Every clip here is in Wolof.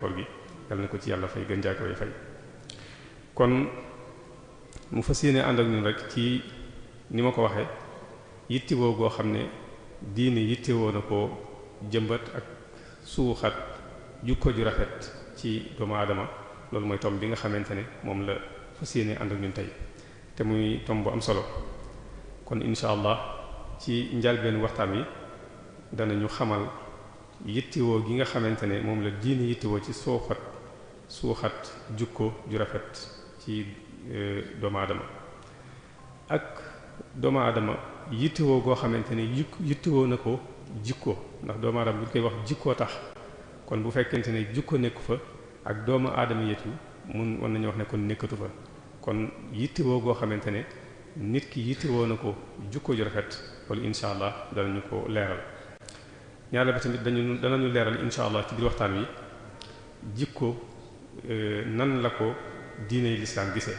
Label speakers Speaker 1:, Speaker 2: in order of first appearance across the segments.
Speaker 1: koor gi na ko ci yàlla fay gën jaakawee fay kon mu fa yéene ànd ak ñun rek ci ni ma ko waxee yittewoo goo xam ne diine yittewoo na ko jëmbat ak suuxat jukko ju rafet ci doomu aadama loolu mooy tom bi nga xamante ne moom la fas yéene ànd ñun tey te muy tomb bu am solo kon incha allah ci njalbeen waxtaan wi ñu xamal yittewoo gi nga xamante ne moom la diini yittewoo ci suuxat suuxat jukko ju rafet ci e, doomu aadama ak doomu aadama yittewoo goo xamante ne yittewoo na ko jikko ndax doomu aadama bu koy wax jikkoo tax kon bu fekkente ne jikko nekku fa ak doomu aadama yetu mun war nañu wax ne kon nekkatu fa kon yittewoo goo xamante ne nit ki yittewoo na ko jukko ju rafet wala incha allah danañu ko leeral ñaareel ba tamit dañu danañu leeral incha allah ci biir waxtaan wi jikko euh, nan la ko diiney lislaam gisee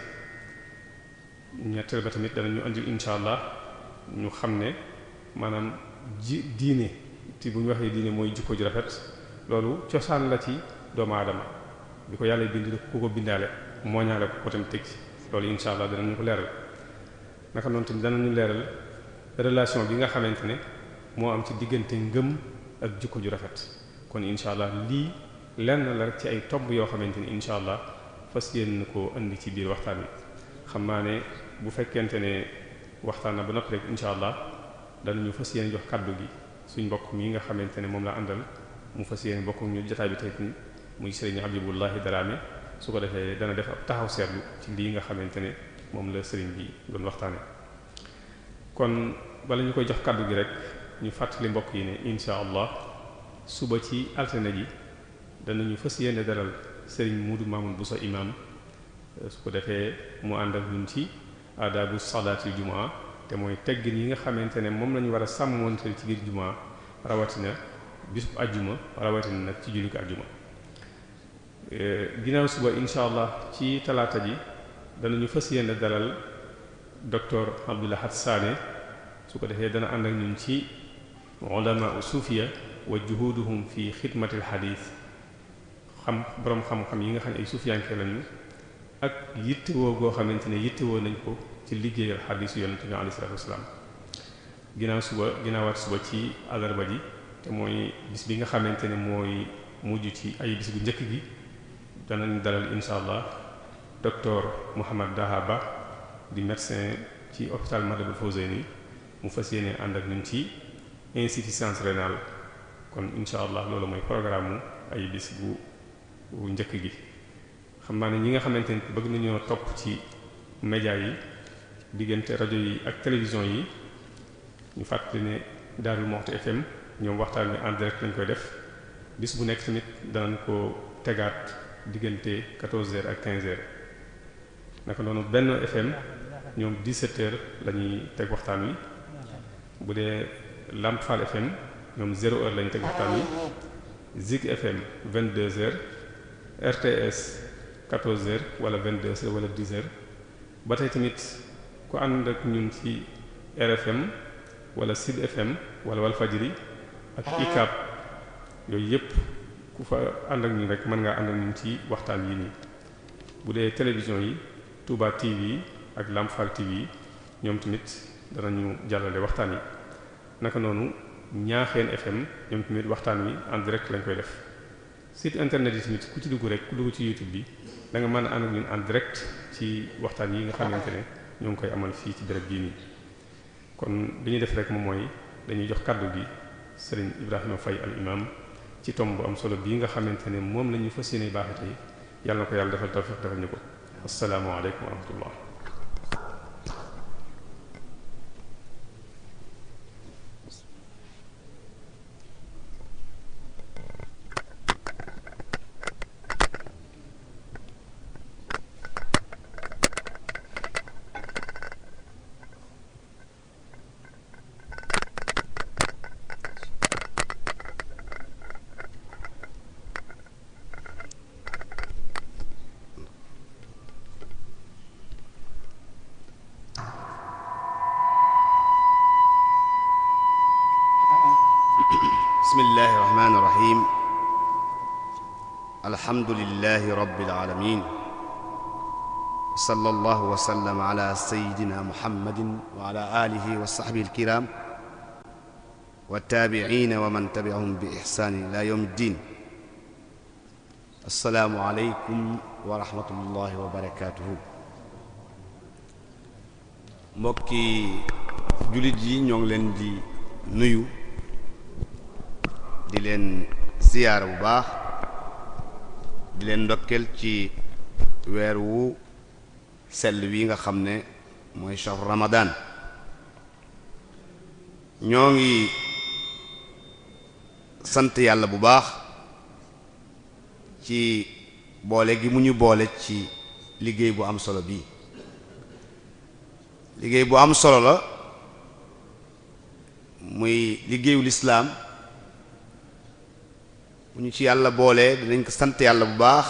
Speaker 1: ñetteel ba tamit danañu andil incha allah ñu xam ne maanaam ji diine te bu ñu waxee diine mooy jikko ju rafet loolu cosaan la ci doomu aadama bi ko yàlla bind ku ko bindaale moo ñaale ko ko tamit teg ci loolu incha allah ñu ko leeral naka noonu tamit danañu leeral relation bi nga xamante ne moo am ci diggante ngëm ak jikko ju rafet kon incha allah lii lenn la rek ci ay tobb yoo xamante ni incha allah fas yéen na koo indi ci biir waxtaan wi xam naa ne bu fekkente ne waxtaan na ba noppi rek incha allah danañu fas yéen jox kàddu gi suñ mbokk mi nga xamante ne moom la àndal mu fas yéen bokk ñu jotaay bi tey muy sëriñ Habibullahi Darame su ko defee dana def ab taxaw seetlu ci lii nga xamante ne moom la sëriñ bi doon waxtaane kon bala ñu koy jox kàddu gi rek. ñu fàttali mbokk yi ne insha allah suba ci altine ji dana danañu fas yéene dalal sëriñ Muudu bu Buso imam euh, su ko defee mu ànd ak ñun ci aadabu salaatil jumaa te mooy teggin yi nga xamante ne moom lañu war a sàmmoon sàmmoonte ci biir jumaa rawatina bisub ajjuma rawatina nag ci jullit ajjuma euh, ginnaaw suba insha allah ci talaata ji danañu fas yéene dalal docteur Abdoulahat Sané su ko defee dana ànd ak ñun ci ulamaau suufiya wa juhuduhum fi xidmatil xadiis xam boroom xam-xam yi nga xam ne ay suufiyanke lañu ak yittewoo goo xamante ne yittewoo nañ ko ci liggéeyal xadiisu yonent te alayhi salaatu wasalaam ginnaaw suba ginnaawaat suba ci àllarba ji te mooy bis bi nga xamante ne mooy mujj ci ay bis bu njëkk gi danañ dalal insha allah docteur Mouhamad Daha Ba di médecin ci hôpital Matlaboul Fawzayni mu fas yéene ànd ak ñun ci insuffisance rénale kon incha allah loolu mooy programme mu ay bis bu njëkk gi xam naa ne ñi nga xamante ni bëgg nañoo topp ci média yi diggante rajo yi ak télévision yi ñu fàttali ne Darou Moukhty FM ñoom waxtaan wi en direct lañ koy def bis bu nekk tamit danañ ko tegaat diggante 14h ak 15h naka noonu benn FM ñoom 17h la ñuy teg waxtaan wi bu dee. Lamp FM ñoom zéro heure lañ teg waxtaan yi Zik FM vingt deux heures wala vingt deux wala dix heures ba tey tamit ku ànd ñun ci RFM wala Sud wala Walfajiri ak ah. ICAP yooyu yëpp ku fa ànd ak ñun rek mën nga ànd ak ñun ci waxtaan yi nii bu dee télévision yi Touba TV ak Lamp Fall TV ñoom tamit danañu jàllale waxtaan yi. naka noonu ñaaxeen FM ñoom tamit waxtaan wi en direct lañ koy def site internet yi tamit ku ci dugg rek ku dugg ci YouTube bi da nga mën a ànd ak ñun en direct ci waxtaan yi nga xamante ne ñoo ngi koy amal fii ci béréb bii nii. kon li ñuy def rek moom mooy dañuy jox kàddu gi Serigne Ibrahima Faye al imam ci tomb bu am solo bii nga xamante ne moom la ñu fas yéene baaxee tey yàlla na ko yàlla defal tawfiq defal ñu ko asalaamaaleykum wa rahmatullah
Speaker 2: alhamdulillahi rabbil aalamiin wa sallallahu wa sallam ala sayyidina muhammadin wa ala aalihi wa sahbihi alkiraam wa taabiciina wa man tabi'ahum bi ixsaanin ilaa yawmi ddiin assalaamu aleykum wa rahmatullahi wa barakaatuhu mbokki jullit yi ñoo ngi leen di nuyu di leen siyaara bu baax di leen ndokkeel ci weer wu sell wi nga xam ne mooy shahru ramadan ñoo ngi sant yàlla bu baax ci boole gi mu ñu boole ci liggéey bu am solo bii liggéey bu am solo la muy liggéeyu lislaam bu ñu ci yàlla boolee dinañ ko sant yàlla bu baax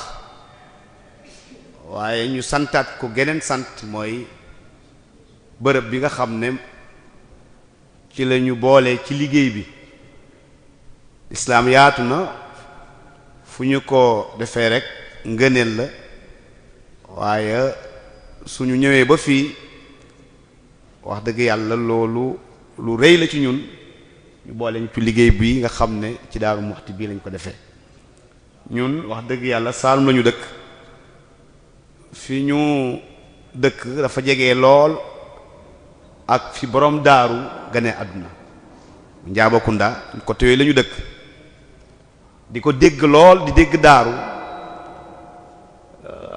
Speaker 2: waaye ñu santaat ko geneen sant mooy bërëb bi nga xam ne ci la ñu boole ci liggéey bi islaam yaatu na fu ñu ko defee rek ngëneel la waaye suñu ñëwee ba fii wax dëgg yàlla loolu lu rëy la ci ñun ñu boole ñu ci liggéey bii nga xam ne ci Daaru Muxti bii lañu ko defee ñun wax dëgg yàlla Saalum lañu dëkk fi ñu dëkk dafa jege lool ak fi borom daaru gane àdduna Njaabakunda côté yooyu la ñu dëkk di ko dégg lool di dégg daaru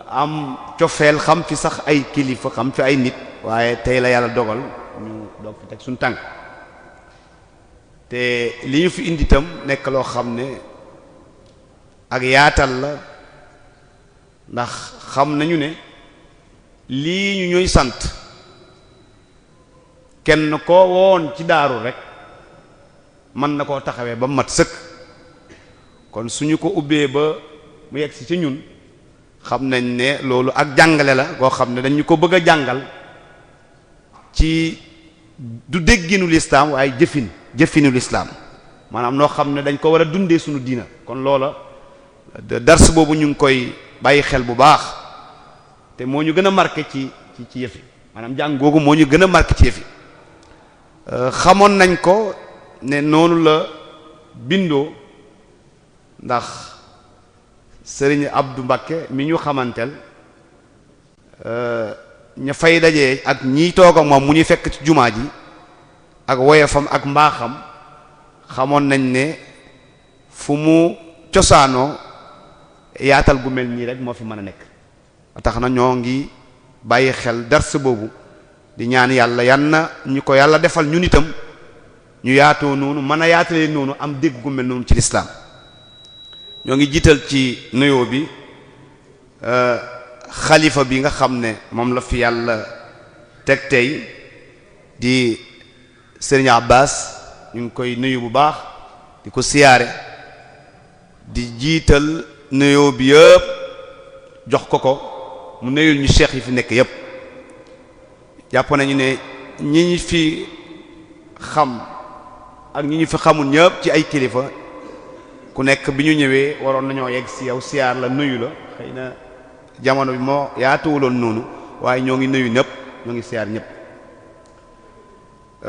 Speaker 2: am cofeel xam fi sax ay kilifa xam fi ay nit waaye tey la yàlla dogal ñu doog fi teg suñu tànk te li ñu fi indi itam nekk loo xam ne ak yaatal la ndax xam nañu ne lii ñu ñuy sant kenn koo woon ci daaru rek mën na koo taxawee ba mat sëkk kon suñu ko ubbee ba mu yegg si ci ñun xam nañ ne loolu ak jàngale la koo xam ne dañu ko bëgg a jàngal ci du dégginu lislaam waaye jëfin jëfinu lislaam maanaam noo xam ne dañ ko war a dundee suñu diina kon loola dars boobu ñu ngi koy bàyyi xel bu baax te moo ñu gën a marqué ci ci ci yëfi maanaam jàng moo ñu gën a marqué ci euh, xamoon nañ ko ne noonu la bindoo ndax sëriñ Abdou Mbakke mi ñu xamanteel euh, ña fay daje ak ñiy toog ak moom mu ñuy fekk ci jumaa ji ak woyefam ak mbaaxam xamoon nañ ne fu mu cosaanoo yaatal gu mel nii rek moo fi mën a nekk tax na ñoo ngi bàyyi xel dars boobu di ñaan yàlla yan na ñu ko yàlla defal ñun itam ñu yaatoo noonu mën a yaatalee noonu am dégg gu mel noonu ci lislaam ñoo ngi jiital ci nuyoo bi euh, xalifa bi nga xam ne moom la fi yàlla teg tey di Serigne baas ñu ngi koy nuyu bu baax di ko siyaare di jiital nuyoo bi yëpp jox ko ko mu nuyul ñu cheikh yi fi nekk yëpp jàpp nañu ne ñi ñu fi xam ak ñi ñu fi xamul ñëpp ci ay kilifa ku nekk bi ñu ñëwee waroon nañoo yegg si yow siyaar la nuyu la jamono bi moo yaatuwuloon noonu waaye ñoo ngi nuyu ñëpp ñoo ngi siyaar ñëpp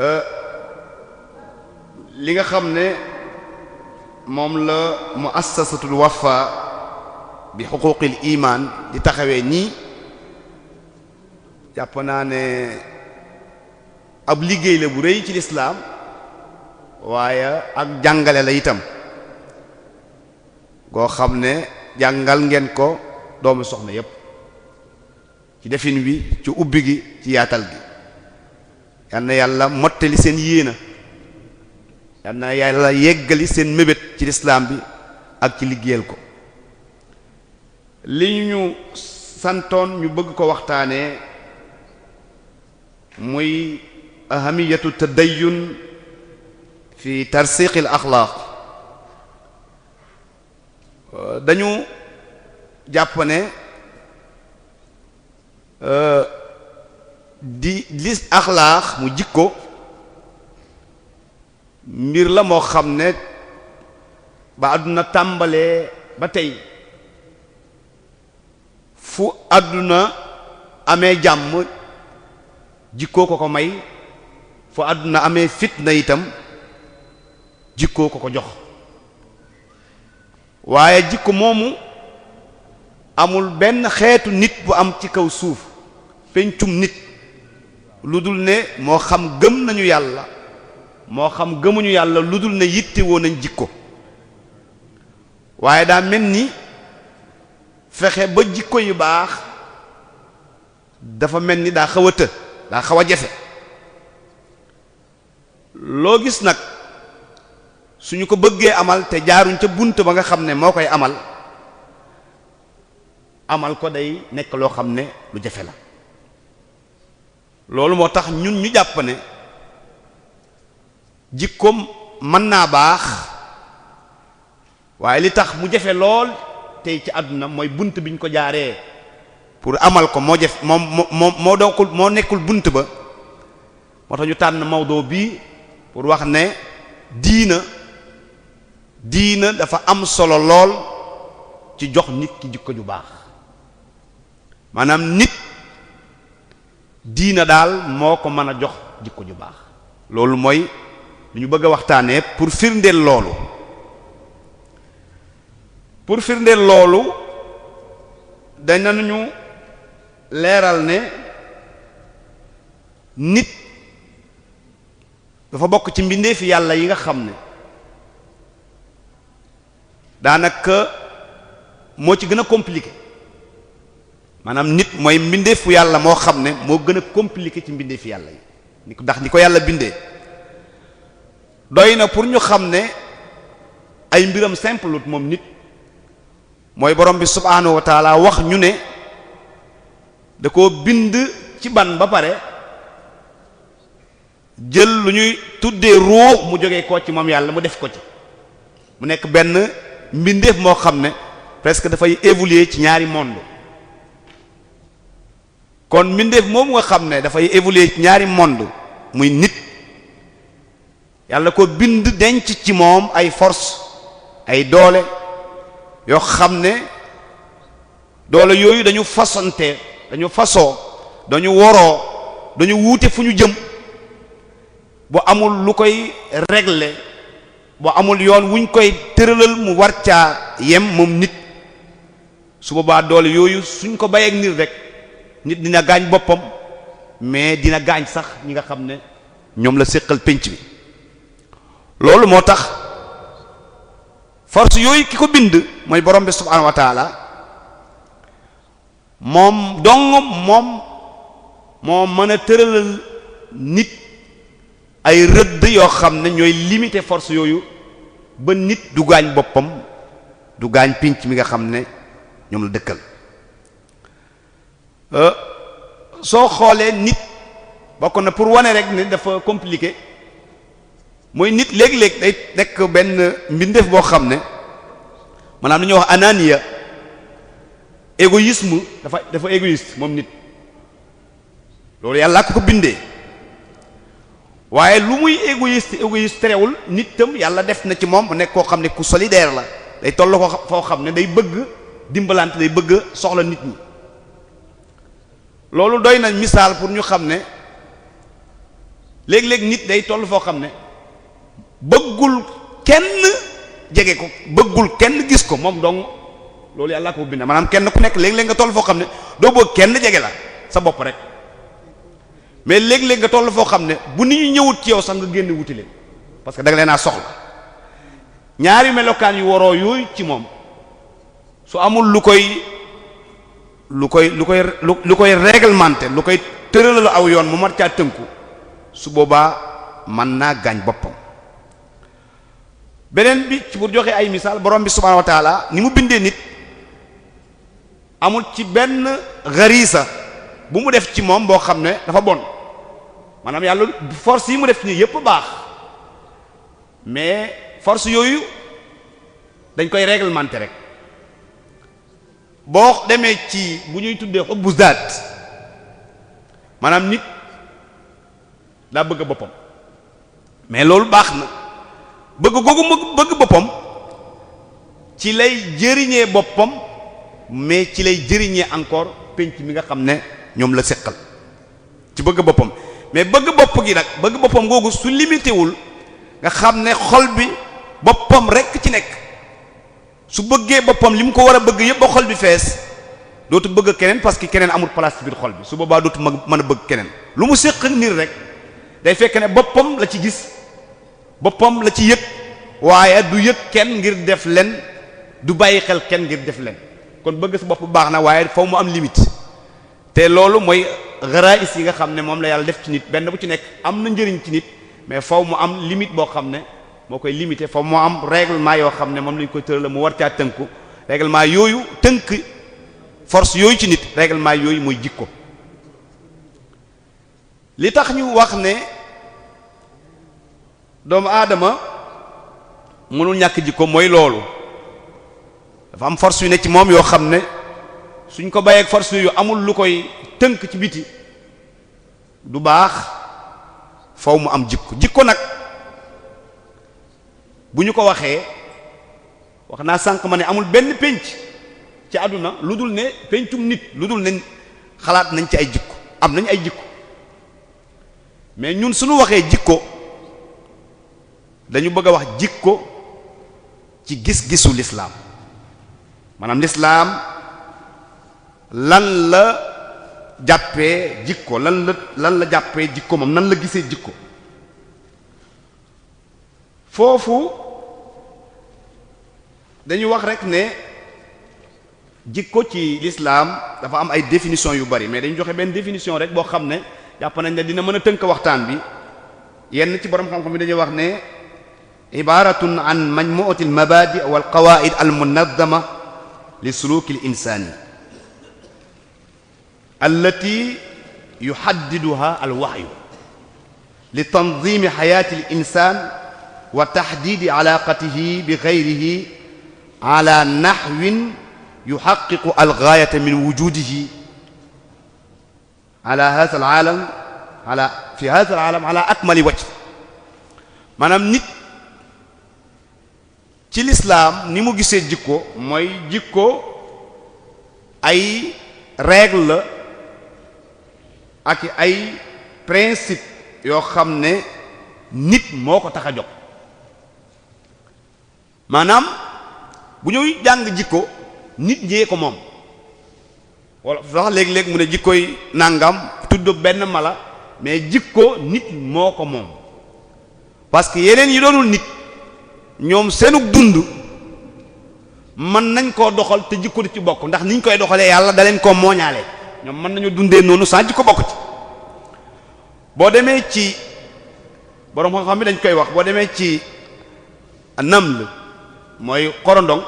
Speaker 2: euh, li nga xam ne moom la mu muassasatul wafa bi xuquqil imaan di taxawee nii jàpp naa ne ab liggéey la bu rëy ci lislaam waaye ak jàngale la itam goo xam ne jàngal ngeen ko doomu soxna yépp ci defin wi ci ubbi gi ci yaatal gi yal yàlla mottali seen yéena yal na yàlla yéggali seen mébét ci lislaam bi ak ci liggéeyal ko li ñu santoon ñu bëgg ko waxtaanee muy ahamiyatu tadayyun fi tarsiqil axlaaq dañu jàpp ne euh, di lis axlaax mu jikko mbir la moo xam ne ba àdduna tàmbalee ba tey fu àdduna amee jàmm jikkoo ko ko may fu àdduna amee fitna itam jikkoo ko ko jox waaye jikko moomu amul benn xeetu nit bu am ci kaw suuf pencum nit lu dul ne moo xam gëm nañu yàlla moo xam gëmuñu yàlla lu dul ne yitte woo nañ jikko waaye daa mel ni fexe ba jikko yu baax dafa mel ni daa xaw a të daa xaw a jafe loo gis nag suñu ko bëggee amal te jaaruñ ca bunt ba nga xam ne moo koy amal amal ko day nekk loo xam ne lu jafe la loolu moo tax ñun ñu jàpp ne jikkoom mën naa baax waaye li tax mu jafe lool tey ci àdduna mooy bunt biñ ko jaaree pour amal ko moo jafe moom moo moo dookul moo nekkul bunt ba moo tax ñu tànn mawdo bii pour wax ne diina diina dafa am solo lool ci jox nit ki jikko ju baax maanaam nit diina daal moo ko mën a jox jikko ju baax loolu mooy lu ñu bëgg a waxtaanee pour firndeel loolu pour firndeel loolu dañ nañu leeral ne nit dafa bokk ci mbindeefi yàlla yi nga xam ne daanaka moo ci gën a compliqué maanaam nit mooy mbindeefu yàlla moo xam ne moo gën a compliqué ci mbindeefu yàlla yi ndax ni ko yàlla bindee doy na pour ñu xam ne ay mbiram simple moom nit mooy borom bi subhaanahu wa taala wax ñu ne da koo bind ci ban ba pare jël lu ñuy tuddee ruux mu jógee koo ci moom yàlla mu def ko ci mu nekk benn mbindeef moo xam ne presque dafay évoluer ci ñaari monde kon mbindeef moomu nga xam ne dafay évoluer ci ñaari monde muy nit yàlla ko bind denc ci moom ay force ay doole yoo xam ne doole yooyu dañu fasonte dañu fasoo dañu woroo dañu wuute fu ñu jëm bu amul lu koy regle bu amul yoon wuñ koy tëralal mu war ca yem moom nit su boobaa doole yooyu suñ ko bàyyeeg nit rek nit dina gaañ boppam mais dina gaañ sax ñi nga xam ne ñoom la séqal pénc bi loolu moo tax force yooyu ki ko bind mooy borom bi subhanahu wa moom dong moom moo mën a tëralal nit ay rëdd yoo xam ne ñooy limiter force yooyu ba nit du gaañ boppam du gaañ pinc mi nga xam ne ñoom la dëkkal Euh, soo xoolee nit bokk na pour wane rek ne dafa compliqué mooy nit léeg-léeg day nekk benn mbindeef boo xam ne maanaam li ñuy wax anania égoïsme dafa dafa égoïste moom nit loolu yàlla ko ko bindee waaye lu muy égoïste égoïste terewul nit tam yàlla def na ci moom mu nekk koo xam ne ku solidaire la day toll ko foo xam ne day bëgg dimbalante day bëgg soxla nit ñi loolu doy na misaal pour ñu xam ne léeg-léeg nit day toll foo xam ne bëggul kenn jege ko bëggul kenn gis ko moom dong loolu yàlla ko bind maanaam kenn ku nekk léeg-léeg nga toll foo xam ne doo bëgg kenn jege la sa bopp rek mais léeg-léeg nga toll foo xam ne bu nit ñi ñëwut ci yow sax nga génn wuti leen parce que da nga leen a soxla ñaari melokaan yu waroo yooyu ci moom su amul lu koy lu koy lu koy lu koy réglementé lu koy tëralalu aw yoon mu mar caa tënku su boobaa man naa gaañ boppam beneen bi ci bu joxe ay misaal borom bi subhaanahu wa taala ni mu bindee nit amul ci benn xariisa bu mu def ci moom boo xam ne dafa bon maanaam yàlla force yi mu def ci nii yépp baax mais force yooyu dañ koy réglementé rek boo demee ci bu ñuy tuddee xubbu zaat maanaam nit daa bëgg boppam mais loolu baax na bëgg googu bëgg boppam ci lay jëriñee boppam mais ci lay jëriñee encore penc mi nga xam ne ñoom la seqal ci bëgg boppam mais bëgg bopp gi nag bëgg boppam googu su limité nga xam ne xol bi boppam rekk ci nekk su bëggee boppam li mu ko war a bëgg yëpp ba xol bi fees dootu bëgg keneen parce que keneen amul place ci biir xol bi su boobaa dootu mag mën a bëgg keneen lu mu séq ak nit rek day fekk ne boppam la ci gis boppam la ci yëg waaye du yëg kenn ngir def len du bàyyi xel kenn ngir def len kon bëgg sa bopp baax na waaye faw mu am limite te loolu mooy garaïs yi nga xam ne moom la yàlla def ci nit benn bu ci nekk am na njëriñ ci nit mais faw mu am limite boo xam ne moo koy limité fa moo am règlement yoo ne moom lañ koy tëral mu war caa tënku yooyu tënk force yooyu ci nit règlement yooyu mooy jikko li tax ñu wax ne doomu aadama mënul ñàkk jikko mooy loolu dafa am force yu ne ci moom yoo xam ne suñ ko bàyyeeg force yooyu amul lu koy tënk ci biti du baax faw mu am jikko jikko nag bu ñu ko waxee wax naa sànq ma ne amul benn pénc ci àdduna lu dul ne péncum nit lu dul ne xalaat nañ ci ay jikko am nañ ay jikko mais ñun suñu waxee jikko dañu bëgg a wax jikko ci gis-gisu lislaam maanaam lislaam lan la jàppee jikko lan la lan la jàppee jikko moom nan la gisee jikko foofu dañu wax rek ne jikko ci l'islam dafa am ay définition yu bari mais dañu joxe benn définition rek boo xam ne jàpp nañ ne dina mën a tënk waxtaan bi yenn ci borom xam-xam bi dañuy wax ne ibaratun an majmu'atil mabadi wal qawaid al munazzama li suluki al insani allati yuhaddiduha al wahyu li tanzimi hayati al insan wa taxdiidi alaaqatihi bi gayrihi ala naxwin yuxaqiqu algaayata min wujudihi ala haza alaalam ala fi haza alaalam ala akmali wajh maanaam nit ci lislaam ni mu gisee jikko mooy jikko ay règle la ak ay principe yoo xam ne nit moo ko tax a jóg maanaam bu ñuy jàng jikko nit ñee ko moom wala sax léeg-léeg mu ne jikkoy nangam tudd benn mala mais jikko nit moo ko moom parce que yeneen yi doonul nit ñoom seenug dund mën nañ koo doxal te jikko di ci bokk ndax niñ koy doxalee yàlla da leen koo mooñaale ñoom mën nañu dundee noonu sans jikko bokk ci boo demee ci borom xam-xam bi dañ koy wax boo demee ci naml mooy xorondong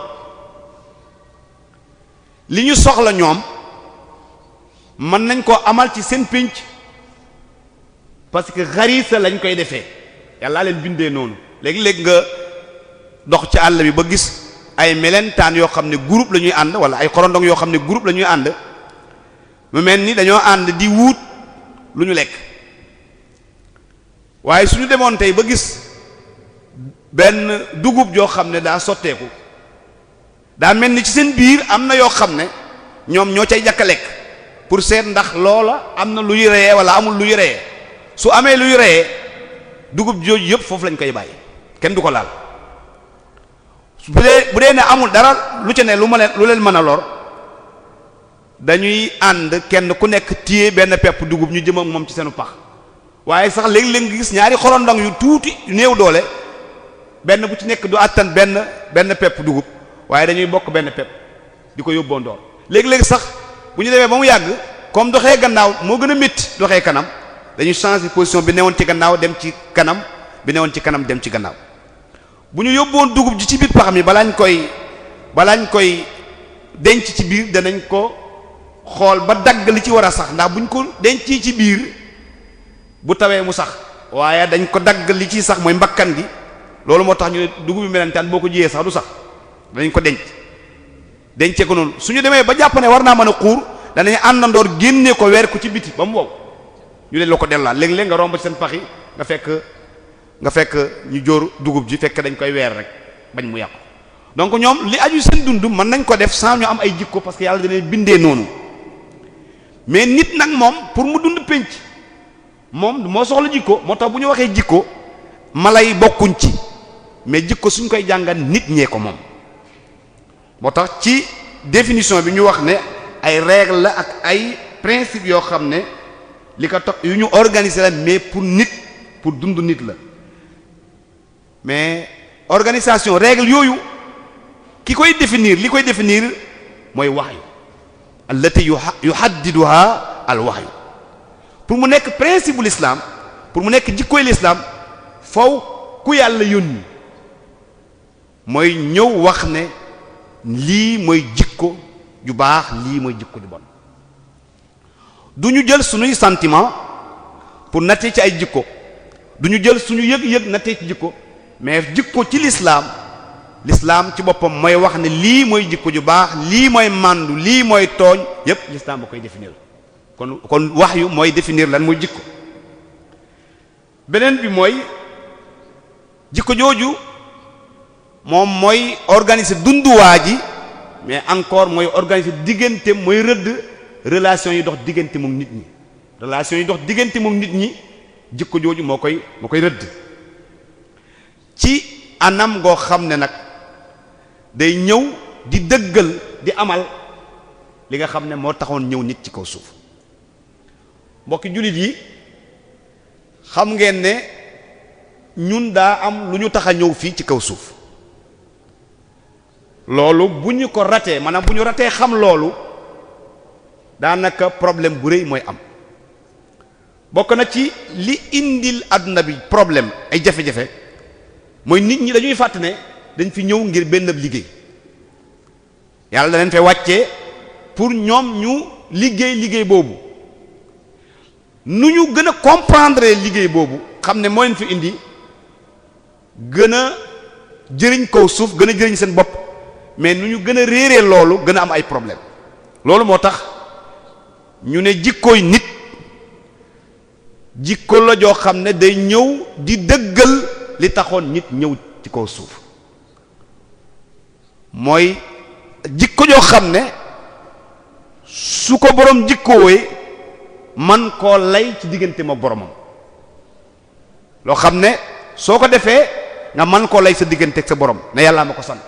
Speaker 2: li ñu soxla ñoom mën nañ koo amal ci seen pénc parce que xarisa lañ koy defee yàllaa leen bindee noonu léegi-léeg nga dox ci àll bi ba gis ay melentaan yoo xam ne groupe la ñuy ànd wala ay xorondong yoo xam ne groupe la ñuy ànd mu mel ni dañoo ànd di wuut lu ñu lekk waaye suñu demoon tey ba gis benn dugub joo xam ne daa sotteeku daa mel ni ci seen biir am na yoo xam ne ñoom ñoo cay jàkka lekk pour seet ndax loola am na luy reye wala amul luy reye su amee luy reyee dugub jooju yëpp foofu lañ koy bàyyi kenn du ko laal bu dee bu dee ne amul dara lu ci ne lu ma leen lu leen mën a lor dañuy ànd kenn ku nekk téye benn pepp dugub ñu jëm moom ci seenu pax waaye sax léeg-léeg nga gis ñaari xorondong yu tuuti néew doole benn bu ci nekk du attan benn benn pepp dugub waaye dañuy bokk benn pepp di ko yóbboo ndoor léegi-léegi sax bu ñu demee ba mu yàgg comme doxee gannaaw moo gën a métti doxee kanam dañuy changer position bi newoon ci gannaaw dem ci kanam bi newoon ci kanam dem ci gannaaw bu ñu yóbboon dugub ji ci biir pax mi balaañ koy balaañ koy denc ci biir danañ ko xool ba dagg li ci war a sax ndax buñ ko denc ci biir bu tawee mu sax waaye dañ ko dagg li ci sax mooy mbakkan gi loolu moo tax ñu ne dugub yu melentaan boo ko jiyee sax du sax danañ ko denc dencee ko noonu suñu demee ba jàpp war naa mën a xuur danañ àndandoor génnee ko weer ko ci biti ba mu wow ñu ne la ko dellaa léeg-léeg nga romb ci seen pax yi nga fekk nga fekk ñu jóor dugub ji fekk dañ koy weer rek bañ mu yàqu donc ñoom li aju seen dund mën nañ ko def san ñu am ay jikko parce que yàlla dana bindee noonu mais nit nag moom pour mu dund penc moom moo soxla jikko moo tax bu ñu waxee jikko mala yi bokkuñ ci mais ko suñ koy jàngal nit ñee ko moom moo tax ci définition bi ñu wax ne ay règle la ak ay principe yoo xam ne li ko tax yu ñu organiser la mais pour nit pour dund nit la mais organisation règle yooyu ki koy définir li koy définir mooy wax wahyu allati yuhaddiduha al wahyu pour mu nekk principe bu l'islam pour mu nekk jikkoy l'islam faw ku yàlla yónni mooy ñëw wax ne lii mooy jikko ju baax lii mooy jikko ju bon du ñu jël suñuy santiment pour nattee ci ay jikko du ñu jël suñu yëg-yëg nattee ci jikko mais jikko ci lislaam lislaam ci boppam mooy wax ne lii mooy jikko ju baax lii mooy màndu lii mooy tooñ yépp lislaam ba koy définir kon kon wax yu mooy définir lan mooy jikko beneen bi mooy jikko jooju moom mooy organiser dunduwaa ji mais encore mooy organiser diggante mooy rëdd relation yi dox diggante moom nit ñi relation yi diggante moom nit ñi jikko jooju moo koy moo koy rëdd ci anam ngoo xam ne nag day ñëw di dëggal di amal li nga xam ne moo taxoon ñëw nit ci kaw suuf mbokki jullit yi xam ngeen ne ñun daa am lu ñu tax a ñëw fii ci kaw suuf loolu bu ñu ko ratee maanaam bu ñu ratee xam loolu daanaka problème bu rëy mooy am bokk na ci li indil àdduna bi problème ay jafe-jafe mooy nit ñi dañuy fàttane dañ fi ñëw ngir benn liggéey yàlla da leen fee wàccee pour ñoom ñu liggéey liggéey boobu nu ñu gën a comprendre liggéey boobu xam ne moo leen fi indi gën a jëriñ kow suuf gën a jëriñ seen bopp mais nu ñu gën a réeree loolu gën a am ay problème loolu moo tax ñu ne jikkooy nit jikkoo la joo xam ne day ñëw di dëggal li taxoon nit ñëw ci kaw suuf mooy jikko joo xam ne su ko boroom jikkoowee man koo lay ci diggante ma boromam loo xam ne soo ko defee nga man koo lay sa diggante ak sa borom ne yàllaa ma ko sant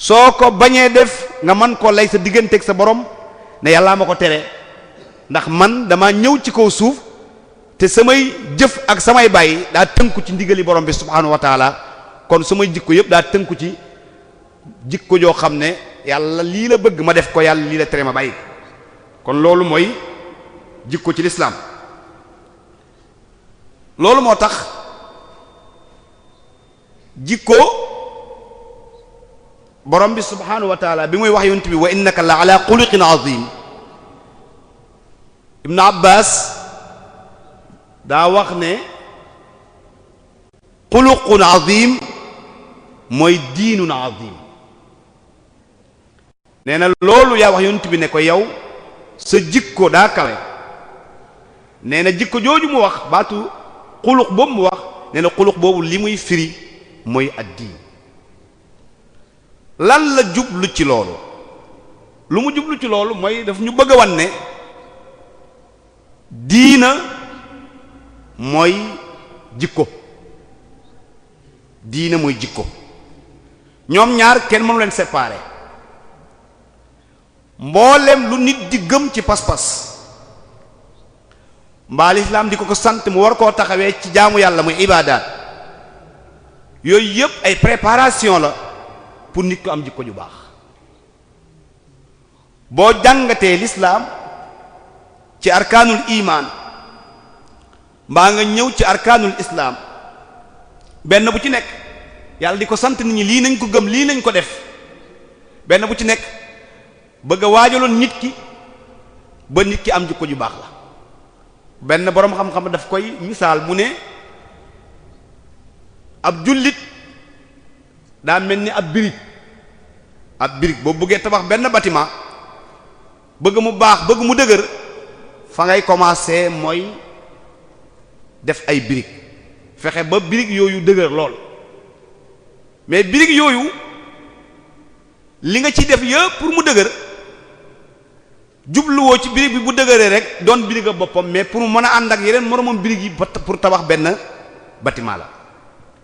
Speaker 2: soo ko bañee def nga man koo lay sa digganteeg sa borom ne yàllaa ma ko tere ndax man dama ñëw ci kaw suuf te samay jëf ak samay bàyyi daa tënku ci ndigali borom bi subhanahu wa kon samay jikko yëpp daa tënku ci jikko joo xam ne yàlla lii la bëgg ma def ko yàlla lii la tere ma bàyyi kon loolu mooy jikko ci lislaam loolu moo tax jikko borom bi subhaanahu wa bi muy wax yonent bi wa innaka la ala xuluqin azim ibnu abbas daa wax ne xuluqun azim mooy diinun azim nee na loolu yaa wax yonent bi ne ko yow sa jikko daa kawe nee na jikko jooju mu wax baatu xuluq boobu mu wax nee na xuluq boobu li muy firi mooy addiin lan la jublu ci loolu lu mu jublu ci loolu mooy daf ñu bëgg a wan ne diina mooy jikko diina mooy jig ko ñoom ñaar kenn mënu leen séparé mboolem lu nit di gëm ci pas-pas mbaal islaam di ko ko sant mu war koo taxawee ci jaamu yàlla muy ibaadaat yooyu yëpp ay préparation la pour nit ko am jikko ju baax boo jàngatee lislaam ci arkaanul imaan mbaa nga ñëw ci arkaanul islaam benn bu ci nekk yàlla di ko sant nit ñi lii nañ ko gëm lii nañ ko def benn bu ci nekk bëgg waajaloon nit ki ba nit ki am jikko ju baax la benn boroom xam-xam daf koy misaal mu ne ab jullit daa mel ni ab birig ab birig boo bëggee tabax benn bâtiment bëgg mu baax bëgg mu dëgër fa ngay commencer mooy def ay birig fexe ba birig yooyu dëgër lool mais birig yooyu li nga ci def yëpp pour mu dëgër jubluwoo ci birig bi bu dëgëree rek doon birig a boppam mais pour mu mën a ànd ak yeneen moromam birig yi pour tabax benn bâtiment la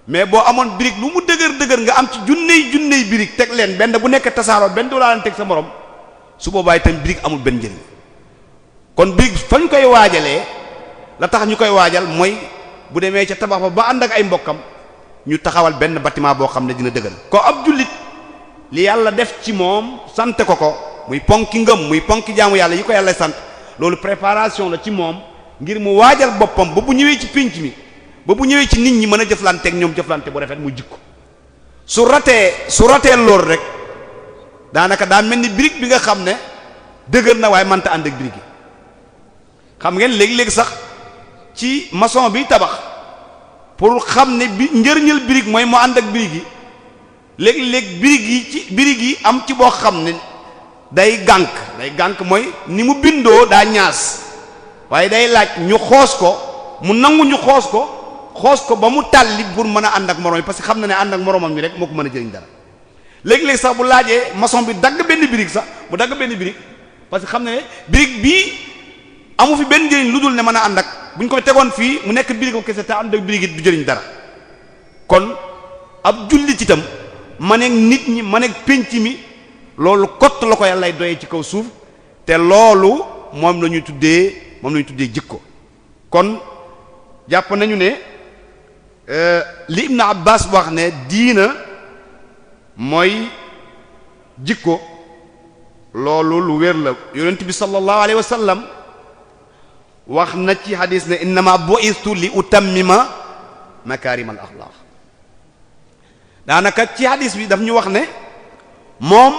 Speaker 2: mais boo amoon birig lu mu dëgër dëgër nga am ci junney junney birig teg leen benn bu nekk tasaaroo benn du laa teg sa morom su boobaa itam birig amul benn njëriñ kon birig fañ koy waajalee la tax ñu koy waajal mooy bu demee ca tabax ba ba ànd ak ay mbokkam ñu taxawal benn bâtiment boo xam ne dina dëgër ko ab jullit li yàlla def ci moom sant ko ko muy ponki ngëm muy ponki jaamu yàlla yi ko yàlla sant loolu préparation la ci moom ngir mu waajal boppam ba ñëwee ci pénc mi ba bu ñëwee ci nit ñi mën a jëflanteeg ñoom jëflante bu rafet mu ko su ratee su ratee loolu rek daanaka daa mel ni birig bi nga xam ne dëgër na waaye mënta ànd ak birig yi xam ngeen léegi léeg sax ci maçon bi tabax pour xam ne bi njërñal birig mooy mu ànd ak birig yi léeg léeg birig yi ci birig yi am ci boo xam ne day gànk day gànk mooy ni mu bindoo daa ñaas waaye day laaj ñu xoos ko mu nangu ñu xoos ko xoos ko ba mu tàlli pour mën a ànd ak morom yi parce que xam na ne ànd ak moromam mi rek moo ko mën a jëriñ dara léegi-léegi sax bu laajee mason bi dagg benn brique sax mu dagg benn brique parce que xam na ne brique bii amu fi benn njëriñ lu dul ne mën a ànd ak bu ñu ko tegoon fii mu nekk brique ko kese te ànd ak brique it du jëriñ dara kon ab jullit itam ma nekk nit ñi ma nekk pénc mi loolu kott la ko yàllay doyee ci kaw suuf te loolu moom la ñuy tuddee moom la ñuy tuddee jikko kon jàpp nañu ne Euh, li Ibn Abbas wax ne diina mooy jikko loolu lu wér la yonent bi sallallahu alayhi wa sallam wax na ci hadis ne innama bu'istu li utammima makarimal axlaq daanaka ci hadis bi daf ñu wax ne moom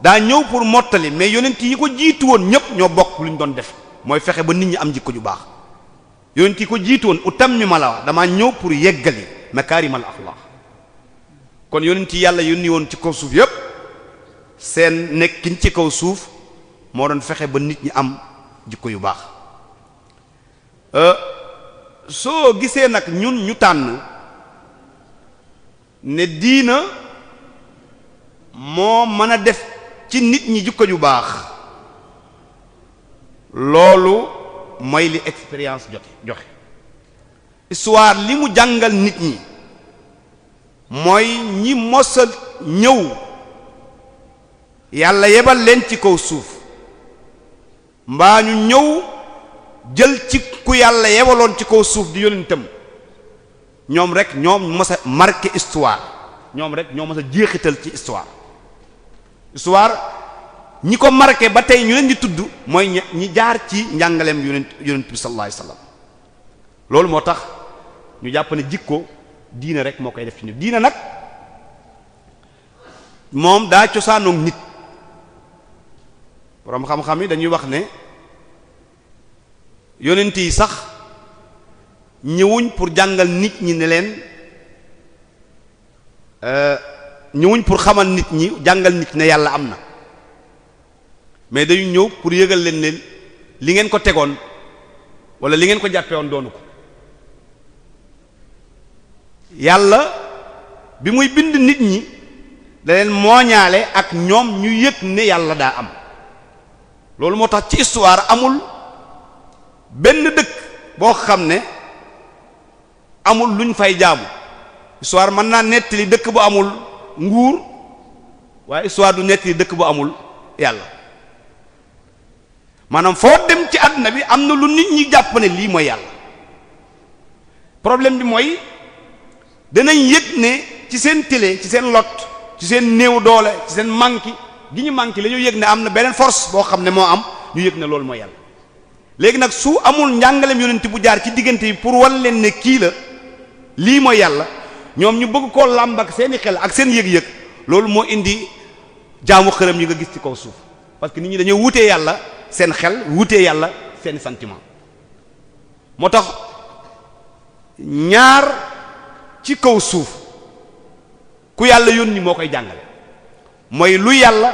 Speaker 2: daa ñëw pour mottali mais yonent yi ko jiitu woon ñëpp ñoo bokk lu ñu doon def mooy fexe ba nit ñi am jikko ju baax yonent yi ko jiitoon utammima la wax damaa ñëw pour yeggali makaarimal axlaaq kon yonent yi yàlla yónni woon ci kaw suuf yépp seen nekkin ci kaw suuf moo doon fexe ba nit ñi am jikko yu baax euh, soo gisee nag ñun ñu tànn ne diina moo mën a def ci nit ñi jikko yu baax loolu mooy li expérience jote joxe histoire li mu jàngal nit ñi mooy ñi mosa ñëw yàlla yebal leen ci kaw suuf mbaa ñu ñëw jël ci ku yàlla yebaloon ci kaw suuf di yonentam ñoom rek ñoom mos a histoire ñoom rek ñoo mos a jeexital ci histoire histoire ñi ko marqué ba tey ñu leen di tudd mooy ñi jaar ci njàngaleem yonent yonent bi sallallahu alayhi loolu moo tax ñu jàpp ne jikko diina rek moo koy def ci nit diina nag moom daa cosaanoog nit boroom xam-xam yi dañuy wax ne yonent yi sax ñëwuñ pour jàngal nit ñi ne leen euh, ñëwuñ pour xamal nit ñi jàngal nit ne yàlla am na mais dañu ñëw pour yëgal leen ne li ngeen ko tegoon wala li ngeen ko jàppee woon doonu ko yàlla bi muy bind nit ñi daleen leen mooñaale ak ñoom ñu yëg ne yàlla daa am loolu moo tax ci histoire amul benn dëkk boo xam ne amul luñ fay jaamu histoire mën naa nettali dëkk bu amul nguur waaye histoire du nettali dëkk bu amul yàlla maanaam foo dem ci àdduna bi am na lu nit ñi jàpp ne lii mooy yàlla problème bi mooy danañ yëg ne ci seen télé ci seen lot ci seen néew doole ci seen manki gi ñu manki la ñu yëg ne am na beneen force boo xam ne moo am ñu yëg ne loolu moo yàlla léegi nag su amul njàngalem yonent bu jaar ci diggante yi pour wan leen ne kii la lii mooy yàlla ñoom ñu bëgg koo làmb ak seeni xel ak seen yëg-yëg loolu moo indi jaamu xërëm yi nga gis ci kaw suuf parce que yàlla seen xel wutee yàlla seen santiment moo tax ñaar ci kaw suuf ku yàlla yónni moo koy jàngale mooy lu yàlla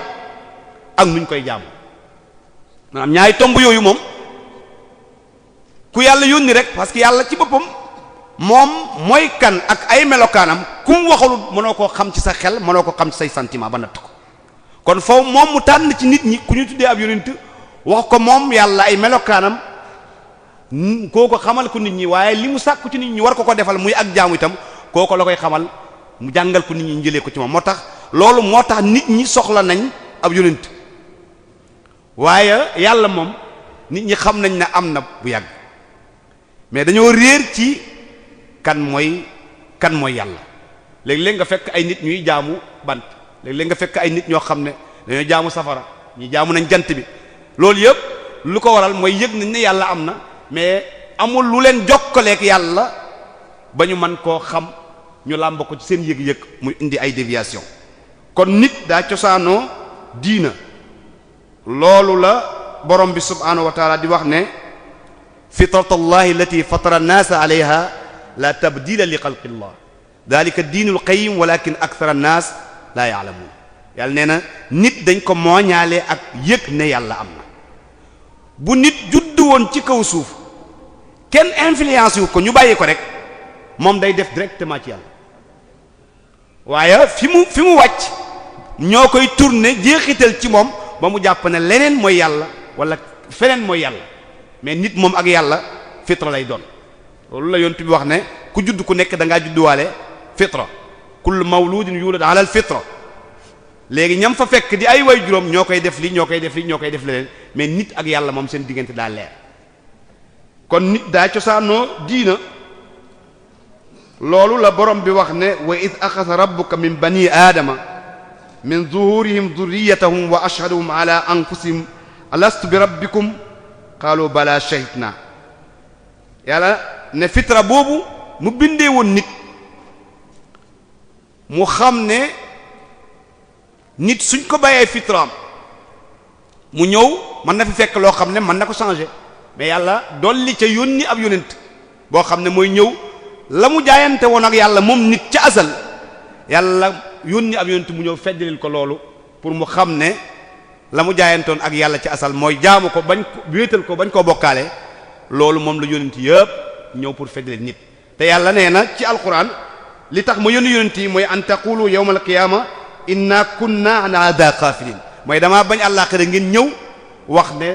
Speaker 2: ak nuñ koy jaamu maanaam ñaari tomb yooyu moom ku yàlla yónni rek parce que yàlla ci boppam moom mooy kan ak ay melokaanam ku mu waxul mënoo koo xam ci sa xel mënoo ko xam ci say santiment ba natt ko kon foofu moom mu tànn ci nit ñi ku ñu tuddee ab yonent wax ko moom yàlla ay melokaanam kooko xamal ko nit ñi waaye li mu sàkku ci nit ñi war ko ko defal muy ak jaamu itam kooko la koy xamal mu jàngal ko nit ñi njëlee ko ci moom moo tax loolu moo tax nit ñi soxla nañ ab yonent waaye yàlla moom nit ñi xam nañ ne am na bu yàgg mais dañoo réer ci kan mooy kan mooy yàlla léegi léeg nga fekk ay nit ñuy jaamu bant léeg-léeg nga fekk ay nit ñoo xam ne dañoo jaamu safara ñi jaamu nañ jant bi loolu yëpp lu ko waral mooy yëg nañ ne yàlla am na mais amul lu leen jokkaleek yàlla ba ñu mën koo xam ñu làmb ko ci seen yëg-yëg mu indi ay déviation kon nit daa cosaanoo diina loolu la borom bi subhaanahu wa taala di wax ne fitratallahi allati fatara nnaasa alayha la tabdila li xalqillah dalika diinul qayyim walakin akthara annaas la ya'lamun yàlla nee na nit dañ ko mooñaale ak yëg ne yàlla am na bu nit juddu woon ci kaw suuf kenn influence yu ko ñu bàyyi ko rek moom day def directement ci yàlla waaye fi mu fi mu wàcc ñoo koy turne jeexital ci moom ba mu jàpp ne leneen mooy yàlla wala feneen mooy yàlla mais nit moom ak yàlla fitra lay doon loolu la yontu bi wax ne ku judd ku nekk da ngaa judduwaale fitra kullu mawludin yulad ala al fitra léegi ñam fa fekk di ay way juróom ñoo koy def li ñoo koy def li ñoo koy def leneen mais nit ak yàlla moom seen diggante daa leer kon nit daa cosaanoo diina loolu la borom bi wax ne wa id axasa rabbuka min bani aadama min zuhurihim zurriyatahum wa ashhaduhum ala anfusihim alastu bi rabbikum qaalu bala shahidna yàlla ne fitra boobu mu bindee woon nit mu xam ne nit suñ ko bàyyee fitraam mu ñëw man na fi fekk loo xam ne man na ko changer mais yàlla dolli ca yónni ab yónent boo xam ne mooy ñëw la mu jaayante woon ak yàlla moom nit ca asal yàlla yónni ab yónent mu ñëw feddalil ko loolu pour mu xam ne la mu jaayantoon ak yàlla ci asal mooy jaamu ko bañ ko wéetal ko bañ koo bokkaale loolu moom la yónent yépp ñëw pour feddalil nit te yàlla nee na ci alquran li tax ma yónni yónent yi mooy an taqulu yawmal qiyama inna naa an hada xaafilin mooy damaa bañ àllaaxira ngeen ñëw wax ne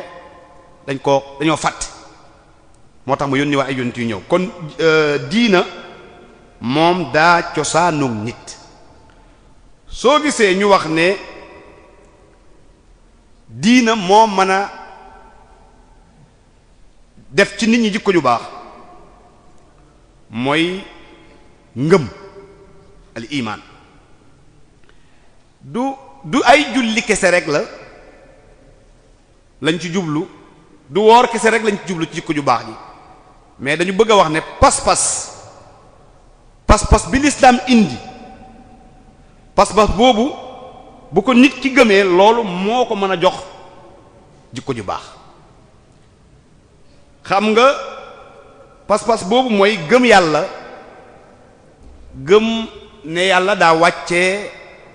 Speaker 2: dañ koo dañoo fàtte moo tax ma yónni waa ay yónent yu ñëw kon euh, diina moom daa cosaanug nit soo gisee ñu wax ne diina moo mën a def ci nit ñi jikko ju baax mooy ngëm al du du ay julli kese rek la lañ ci jublu du woor kese rek lañ ci jublu ci jikko ju baax ji mais dañu bëgg a wax ne pas-pas pas-pas bi lislaam indi pas-pas boobu bu ko nit ki gëmee loolu moo ko mën a jox jikko ju baax xam nga pas-pas boobu mooy gëm yàlla gëm ne yàlla daa wàcce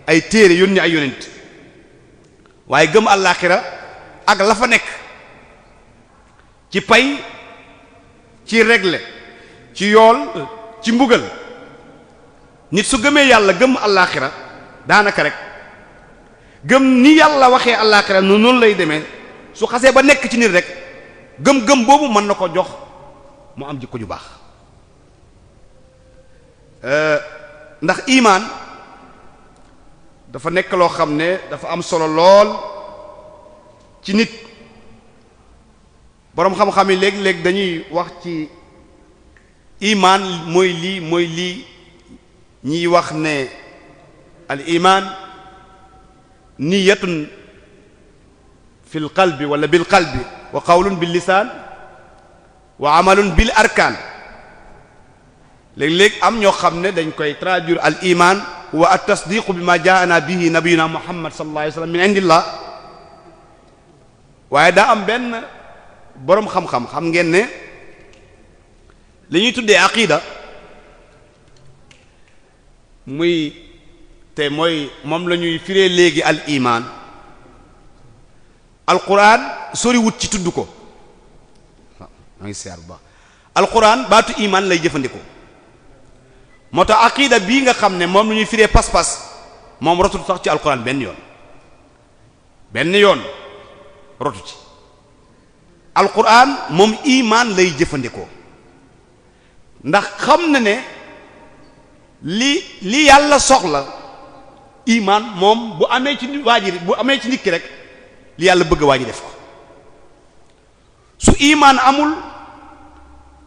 Speaker 2: ay téere yónni ay yonent waaye gëm àllaaxira ak lafa nekk ci pay ci regle ci yool ci mbugal nit su gëmee yàlla gëm àllaaxira daanaka rek gëm ni yàlla waxee àllaaxira nu noonu lay demee su xasee ba nekk ci nit rek gëm-gëm boobu mën na ko jox mu am jikko ju baax euh, ndax imaan dafa nekk loo xam ne dafa am solo lool ci nit boroom xam-xam yi léeg-léeg dañuy wax ci imaan mooy lii mooy lii ñiy wax ne al imaan niyatun fi l qalbi wala bil qalbi wa qawlun bil lisaan wa amalun bil arkaan léeg-léeg am ñoo xam ne dañ koy traduire al imaan wa at tasdiqu bi ma jaana bihi nabiyuna muhammad sallallahu alayhi wa sallam min indillah waaye daa am benn boroom xam-xam xam ngeen ne li ñuy tuddee aqida muy te mooy moom la ñuy firee léegi al iman al quran sori wut ci tudd ko waaw ngi seer bu baax al quran baatu iman lay jëfandikoo moo tax aqida bii nga xam ne moom lu ñuy firee pas-pas moom rotul sax ci alquran benn yoon benn yoon rotu ci alquran moom imaan lay jëfandikoo ndax xam na ne li li yàlla soxla imaan moom bu amee ci waa ji bu amee ci nit rek li yàlla bëgg waa ji def ko su imaan amul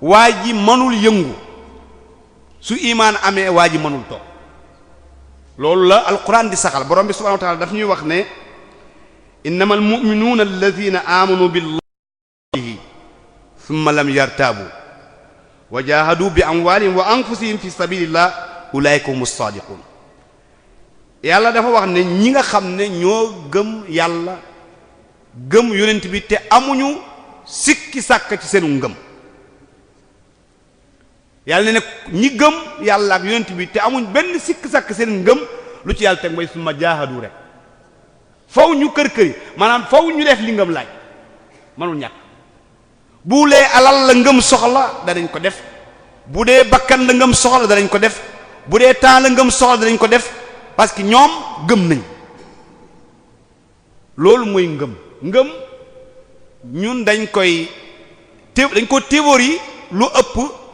Speaker 2: waa ji mënul yëngu su imaan amee waa ji mënul toog loolu la alquran di saxal borom bi subhanahu wa ta'ala ñuy wax ne ma innamal mu'minuuna alladhina amanu billahi thumma lam yartabu wa jahadu bi amwalihim wa anfusihim fi sabilillah ulaika humus sadiqun yàlla dafa wax ne ñi nga xam ne ñoo gëm yàlla gëm yonent bi te amuñu sikki sàkk ci seenu ngëm yàlla ne ñi gëm yàlla ak yonent bi te amuñ benn sikk sakk seen ngëm lu ci yàlla teg mooy suma jaahadu rek fow ñu kër këri maanaam fow ñu def li ngëm laaj mënul ñàkk bu alal la ngëm soxla danañ ko def bu dee bakkan la ngëm soxla danañ ko def bu dee temps la ngëm soxla danañ ko def parce que ñoom gëm nañ loolu mooy ngëm ngëm ñun dañ koy te dañ ko yi lu ëpp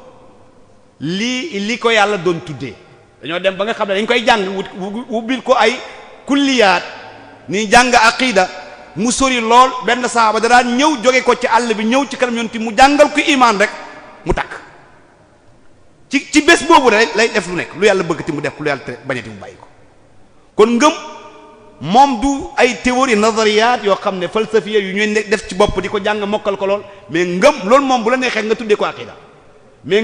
Speaker 2: lii li ko yàlla doon tuddee dañoo dem ba nga xam ne dañ koy jàng wut wubbil ko ay kulliyaat ni jàng aqida mu sori lool benn saaba danaa ñëw joge ko ci àll bi ñëw ci kanam yonti mu jàngal ko imaan rek mu takk ci ci bés boobu lay lay def lu nekk lu yàlla bëgg bëggati mu def lu yàlla bañati mu bàyyi ko kon ngëm moom du ay théorie nazariyaat yoo xam ne falsafiya yu ñuy def ci bopp di ko jàng mokkal ko lool mais ngëm loolu moom bu la nee nga tuddee ko aqida mais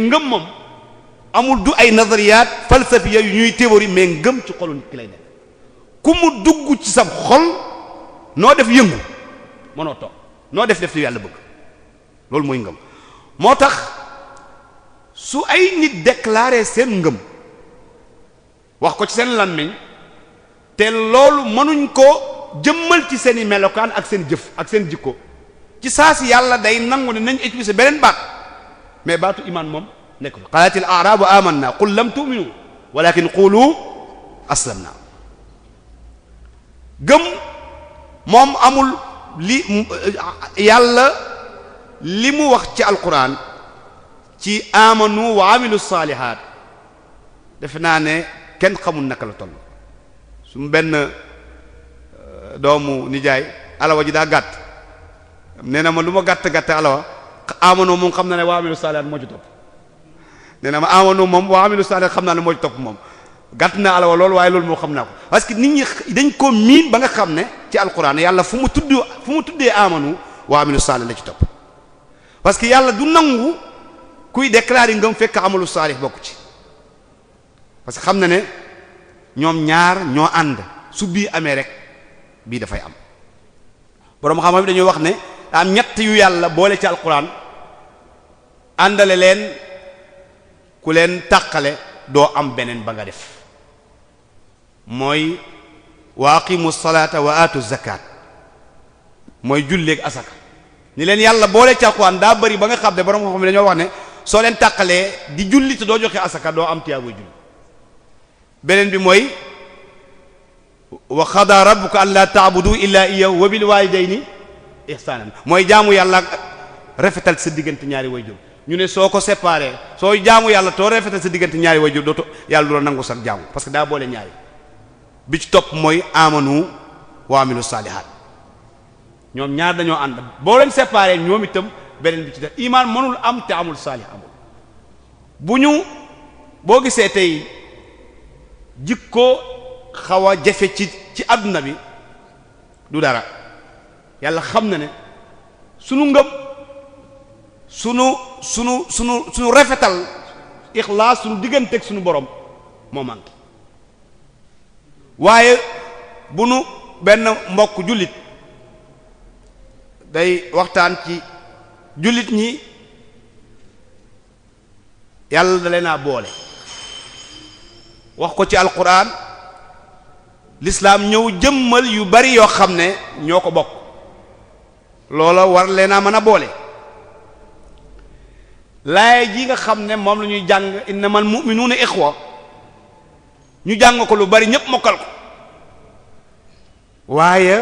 Speaker 2: amul du ay nazariyaat falsafiya yu ñuy téori mais ngëm ci xolu nit ki lay nekk ku mu dugg ci sa xol noo def yëngu mënoo toog noo def def ci yàlla bëgg loolu mooy ngëm moo tax su ay nit déclarer seen ngëm wax ko ci seen làmmiñ te loolu mënuñ ko jëmmal ci seeni melokaan ak seen jëf ak seen jikko ci saa si yàlla day nangu ne nañ utiliser beneen baat mais baatu imaan moom nekkul qalatil a'rabu amanna qul lam tu'minu walakin qulu aslamna gëm moom amul li yàlla li mu wax ci alquran ci amanu wa amilu salihat defe naa ne kenn xamul naka la toll su mu benn euh, doomu nijaay alawa ji daa gàtt nee na ma lu ma gàtt gàtt alawa amanu moom xam na ne wa amilu salihat moo ci topp nee na ma amanu ah, moom wa amilu salih xam naa ne moo ci topp moom gàtt naa alawa loolu waaye loolu moo xam naa ko parce que nit ñi dañ ko miin ba nga xam ne ci alquran yàlla fu mu tudd fu mu tuddee amanu wa amilu la ci topp parce que yàlla du nangu kuy déclarer ngëm fekk amalu salih bokku ci parce que xam na ne ñoom ñaar ñoo ànd su bii amee rek bii dafay am borom xam-xam bi dañuy wax ne am ñett yu yàlla boole ci alquran àndale leen ku leen tàqale doo am beneen ba nga def mooy wa aqimu salata wa atu zakat mooy julleeg asaka ni leen yàlla boole càquwaan daa bëri ba nga xam ne borom xam ne dañoo wax ne soo leen tàqalee di julli te doo joxe asaka doo am tiyaabooy julli beneen bi mooy wa xada rabbuka an laa taabudu illa iyahu wa bil walidayni ihsanan mooy jaamu yàlla rafetal sa diggante ñaari way jur ñu ne soo ko séparé soo jaamu yàlla too rafetal sa diggante ñaari wajur dootu yàlla du la nangu sax jaamu parce que daa boole ñaari bi ci topp mooy amanu wa amilu saalihaat ñoom ñaar dañoo ànd boo leen séparé ñoom itam beneen bi ci def imaan mënul am te amul saalih amul bu ñu boo gisee tey jikko xaw a jafe ci ci adduna bi du dara yàlla xam na ne sunu ngëm. sunu sunu sunu sunu rafetal ixlaas sunu digganteeg sunu borom moo manqué waaye bu nu benn mbokk jullit day waxtaan ci jullit ñi yàlla da leen boole wax ko ci alquran lislaam ñëw jëmmal yu bari yoo xam ne ñoo ko bokk loola war leen a mën a boole laay jii nga xam ne moom la ñuy jàng innamal mu'minuuna ixwa ñu jàng ko lu bari ñépp mokkal ko waaye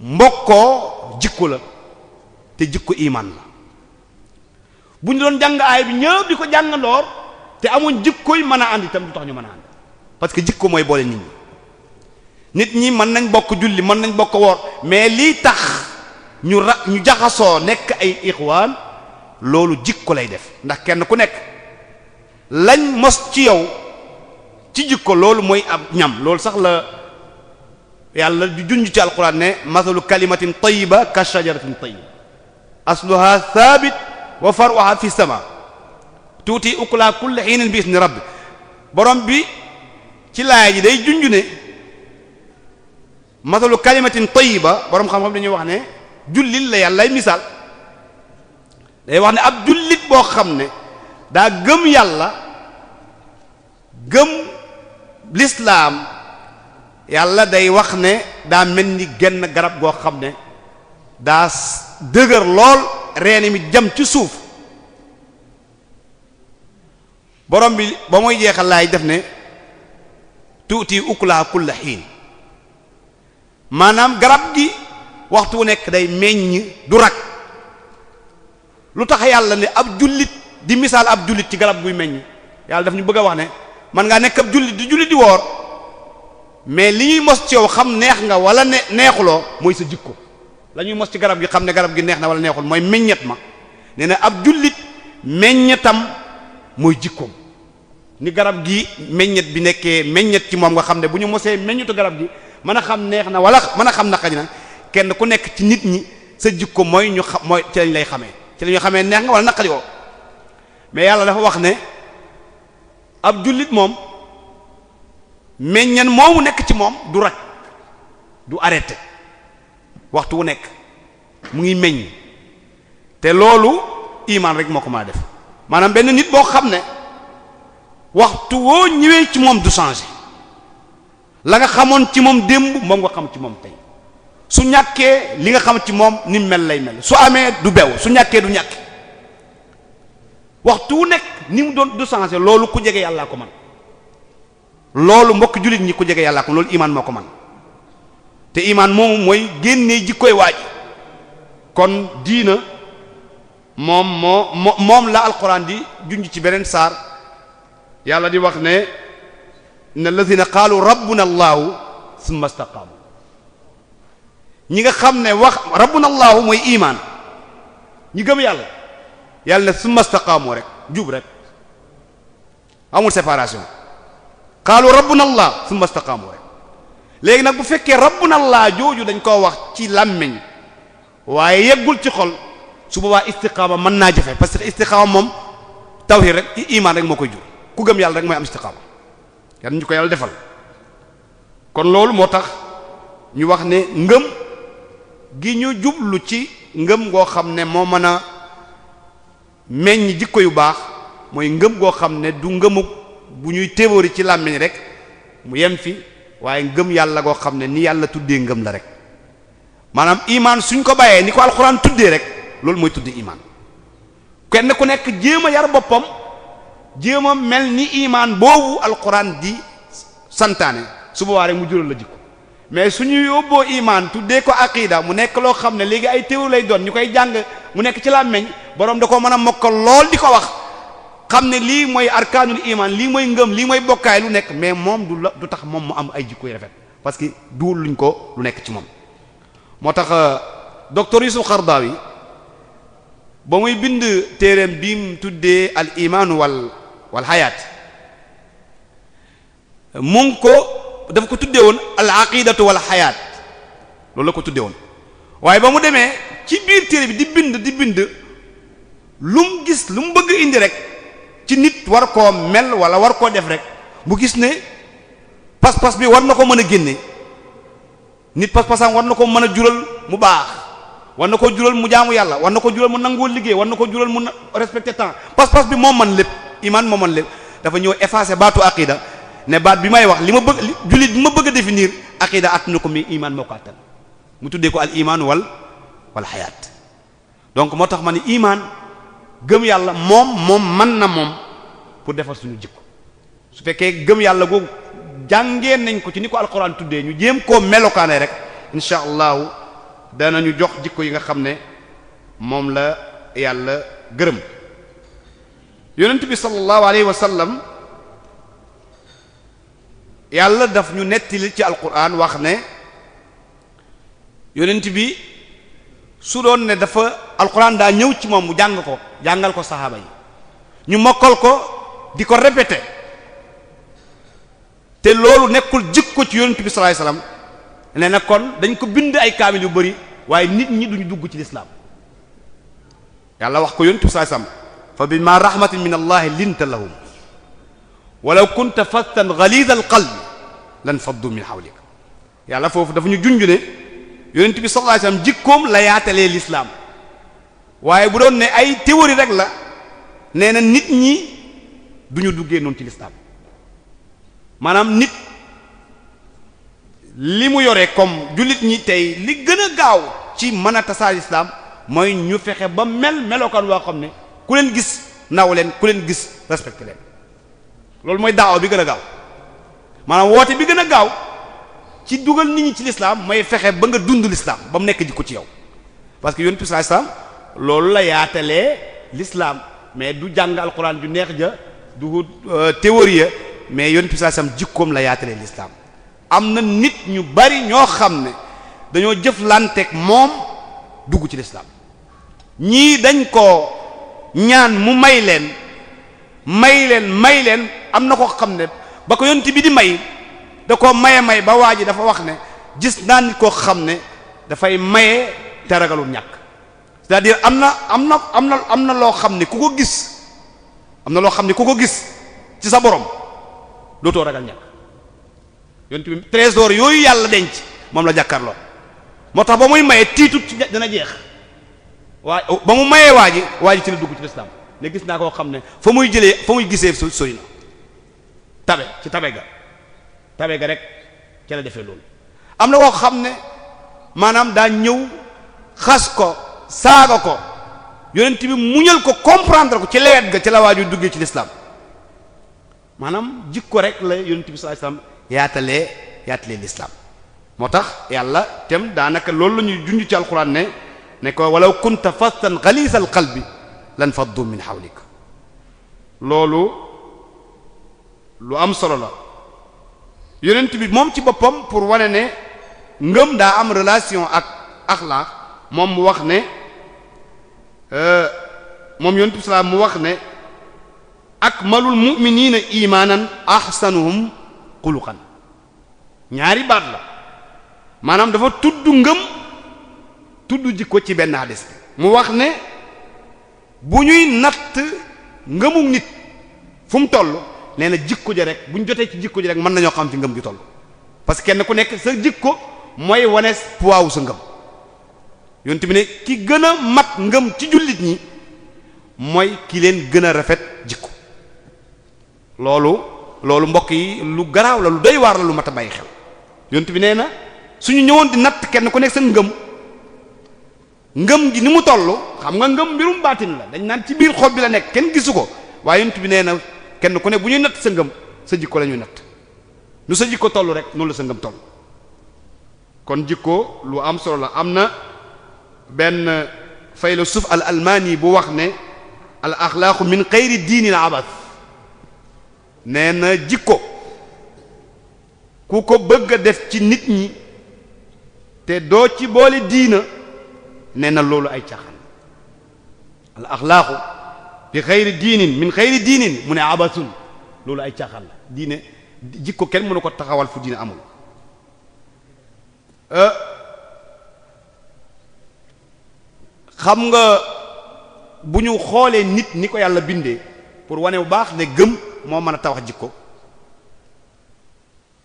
Speaker 2: mbokkoo jikko la te jikko iman la bu ñu doon jàng aay bi ñëpp di ko jàngandoor te amuñ jikko yi mën a ànd itam du tax ñu mën a ànd parce que jikko mooy boole nit ñi nit ñi mën nañ bokk julli mën nañ bokk woor mais lii tax ñu ra ñu jaxasoo nekk ay ixwaan loolu jikko lay def ndax kenn ku nekk lañ mos ci yow ci jikko loolu mooy ab ñam loolu sax la yàlla di junj ci alquran ne masalu kalimatin tayyiba ka shajaratin tayyiba asluha thabit wa faruha fi sama tuuti ukula kulli hiinin bi isni rabbi borom bi ci laay ji day junj ne masalu kalimatin tayyiba borom xam-xam dañuy wax ne jullil la yàlla lay day wax ne ab jullit boo xam ne daa gëm yàlla gëm lislaam yàlla day wax ne daa mel ni genn garab goo xam ne daa dëgër lool reeni mi jëm ci suuf borom bi ba muy jeexal laay def ne tuuti ukulaa kulla xiin maanaam garab gi waxtu nekk day meññ du rak lu tax yàlla ne ab jullit di misaal ab jullit ci garab guy meññ yàlla daf ñu bëgg a wax ne man ngaa nekk ab jullit di jullit di woor mais li ñuy mos ci yow xam neex nga wala ne neexuloo mooy sa jikko la mos ci garab gi xam ne garab gi neex na wala neexul mooy meññet ma nee na ab jullit meññetam mooy jikkoom ni garab gi meññet bi nekkee meññet ci moom nga xam ne bu ñu mosee meññetu garab gi mën a xam neex na wala mën a xam na naqari na kenn ku nekk ci nit ñi sa jikko mooy ñu xam mooy ci lañ lay xamee ci la xamee neex nga wala naqari mais yàlla dafa wax ne ab jullit moom meññeen moomu nekk ci moom du raj du arrêté waxtu wu nekk mu ngi meññ te loolu iman rek moo ko maa def maanaam benn nit boo xam ne waxtu woo ñëwee ci moom du changé la nga xamoon ci moom démb moom nga xam ci moom tey su ñàkkee li nga xam ci moom ni mel lay mel su amee du bew su ñàkkee du ñàkk waxtu wu nekk ni mu doon du changé loolu ku jege yàllaa ko man loolu mbokk jullit ñi ku jege yàllaa ko loolu imaan moo ko man te imaan moomu mooy génnee jikkoy waaj kon diina moom moo moom la alquran di junj ci beneen saar yàlla di wax ne inna allazina qaalu rabbuna allahu summa istaqaamu ñi nga xam ne wax rabbuna allahu mooy imaan ñi gëm yàlla yàlla ne summa staqaamu rek jub rek amul séparation qaalu rabbuna allah summa staqaamu rek léegi nag bu fekkee rabbuna allah jooju dañ koo wax ci làmmiñ waaye yeggul ci xol su boobaa istiqaama mën naa jafe parce que istiqaama moom tawhid rek imaan rek moo koy jur ku gëm yàlla rek mooy am istiqaama yan ñu ko yàlla defal kon loolu moo tax ñu wax ne ngëm gi ñu jublu ci ngëm goo xam ne moo mën a meññ jikko yu baax mooy ngëm goo xam ne du ngëmuk bu ñuy téebóori ci làmmiñ rek mu yem fi waaye ngëm yàlla goo xam ne ni yàlla tuddee ngëm la rek maanaam imaan suñ ko bàyyee ni ko alxuraan tuddee rek loolu mooy tudd imaan kenn ku nekk jéem a yar boppam jéem a mel ni imaan boobu alxuraan di santaane su boobaa rek mu jural la jikko mais suñu yóbboo imaan tuddee ko aqida mu nekk loo xam ne léegi ay téew lay doon ñu koy jàng mu nekk ci làmmeñ boroom da ko mën a mokkal lool di ko wax xam ne lii mooy arkaanul imaan lii mooy ngëm lii mooy bokkaay lu nekk mais moom du la du tax moom mu am ay jikko yu rafet parce que duul luñ ko lu nekk ci moom moo tax euh, docteur Yusuf Xardaawi ba muy bind téereem bi mu tuddee al imaanu wal wal hayaat mu ko dafa ko tuddee woon al aqidatu wal xayaat loolu la ko tuddee woon waaye ba mu demee ci biir téere bi di bind di bind lu mu gis lu mu bëgg indi rek ci nit war koo mel wala war koo def rek mu gis ne pas-pas bi war na ko mën a génne nit pas-pasam war na ko mën a jural mu baax war na ko jural mu jaamu yàlla war na ko jural mu nangoo liggéey war na ko jural mu respecté temps pas-pas bi moom man lépp iman moo man lépp dafa ñëw effacé baatu aqida ne baat bi may wax li ma bëgg jullit bi ma bëgg a définir aqida attanu ko mi iman moo ko attan mu tuddee ko al imaan wal wal xayaat donc moo tax ma ne iman gëm yàlla moom moom man na moom pour defar suñu jikko su fekkee gëm yàlla googu jàngee nañ ko ci ni ko alquran tuddee ñu jéem koo melokaanee rek incha allahu ñu jox jikko yi nga xam ne moom la yàlla gërëm yonent bi sallallahu alayhi wa sallam yàlla daf ñu nettali ci alquran wax ne yonent bi su doon ne dafa alquran daa ñëw ci moom mu jàng ko jàngal ko saxaaba yi ñu mokkal ko di ko répété te loolu nekkul ko ci yonent bi sallallahu alayhi nee na kon dañ ko bind ay kaamil yu bari waaye nit ñi duñu dugg ci lislaam yàlla wax ko yonent bi sallallahu alayhi wasallam fa bima rahmatin min allahi linta lahum walaw kunta fattan ghalidha al qalbi lan faddu min hawlik yàlla foofu dafa ñu junju ne yonent bi sallallahu alayhi wasallam jikkoom la yaatalee lislaam waaye bu doon nee ay théorie rek la nee na nit ñi du ñu duggee noonu ci lislaam maanaam nit li mu yore comme jullit ñi tey li gën a gaaw ci mën a tasaa lislaam mooy ñu fexe ba mel melokaan waa xam ne ku leen gis naw leen ku leen gis respecté leen loolu mooy daaw bi gën a gaaw maanaam woote bi gën a gaaw ci dugal nit ñi ci lislaam mooy fexe ba nga dund lislaam ba mu nekk jikko ci yow parce que yonent bi sallallahu alayhi loolu la yaatalee lislaam mais du jàng alxuraan ju neex ja du euh, théorie mais yonent bi sallallahu alayhi jikkoom la yaatalee lislaam am na nit ñu bari ñoo xam ne dañoo jëflanteeg moom dugg ci lislaam ñii dañ ko ñaan mu may leen may leen may leen am na ko xam ne ba ko yonent bi di may da ko maye may ba waa ji dafa wax ne gis naa nit koo xam ne dafay maye te ragalul ñàkk c'est-à-dire am na am na am na am na loo xam ne ku ko gis na loo xam ne ku ko gis ci sa borom dootoo ragal ñàkk yonent bi trésor yooyu yàlla denc moom la jàkkaarloo moo tax ba muy maye tiitut ci dana jeex waa ba mu mayee waa ji waa ji ci la dugg ci lislaam ne gis naa koo xam ne fa muy jëlee fa muy gisee sori na tabe ci tabe ga tabe ga rek ci la defee loolu am na koo xam ne maanaam daa ñëw xas ko saaga ko yonent bi muñal ko comprendre ko ci lewet ga ci la waaju duggee ci lislaam maanaam jikko rek la yonent bi sallallahu alayhi wasallam yaatalee yaatalee lislaam moo tax yàlla tem daanaka loolu la ñuy junj ci alxuraan ne ne ko walaw kunta fastan xalisal qalbi lan faddu min hawlik loolu lu am solo la yonent bi moom ci boppam pour wane ne ngëm daa am relation ak axlaax moom mu wax ne euh, moom yonent bi salaam mu wax ne ak akmalul mu'minina imanan ahsanuhum xuluqan ñaari baat la maanaam dafa tudd ngëm tudd jikko ci benn hadis bi mu wax ne bu ñuy natt ngëmu nit fu mu toll nee na jikko ja rek bu ñu jotee ci jikko ja rek mën nañoo xam ci ngëm gi toll parce que kenn ku nekk sa jikko mooy wane poids sa ngëm yonent bi ne ki gën a mat ngëm ci jullit ñi mooy ki leen gën a rafet jikko loolu loolu mbokk yi lu garaaw la lu lu mat a bàyyi xel yonent bi nee na suñu ñëwoon di natt kenn ku nekk sa ngëm ngëm gi ni mu toll xam nga ngëm mbirum baatin la dañ naan ci biir xob bi la nekk kenn gisu ko waaye yontu bi nee na kenn ku ne bu ñuy natt sa ngëm sa jikko la natt nu sa jikko toll rek noonu la sa ngëm toll kon jikko lu am solo la am na benn philosophe al almaani bu wax ne al axlaaqu min xayri diinil abas nee na jikko ku ko bëgg a def ci nit ñi te doo ci boole diina nee na loolu ay caaxaan al axlaaqu di xayri diinin min xayri diinin mu ne abasun loolu ay caaxaan la diine jikko kenn mënu ko taxawal fu diine amul euh, xam nga bu ñu xoolee nit ni ko yàlla bindee pour wane bu baax ne gëm moo mën a tawax jikko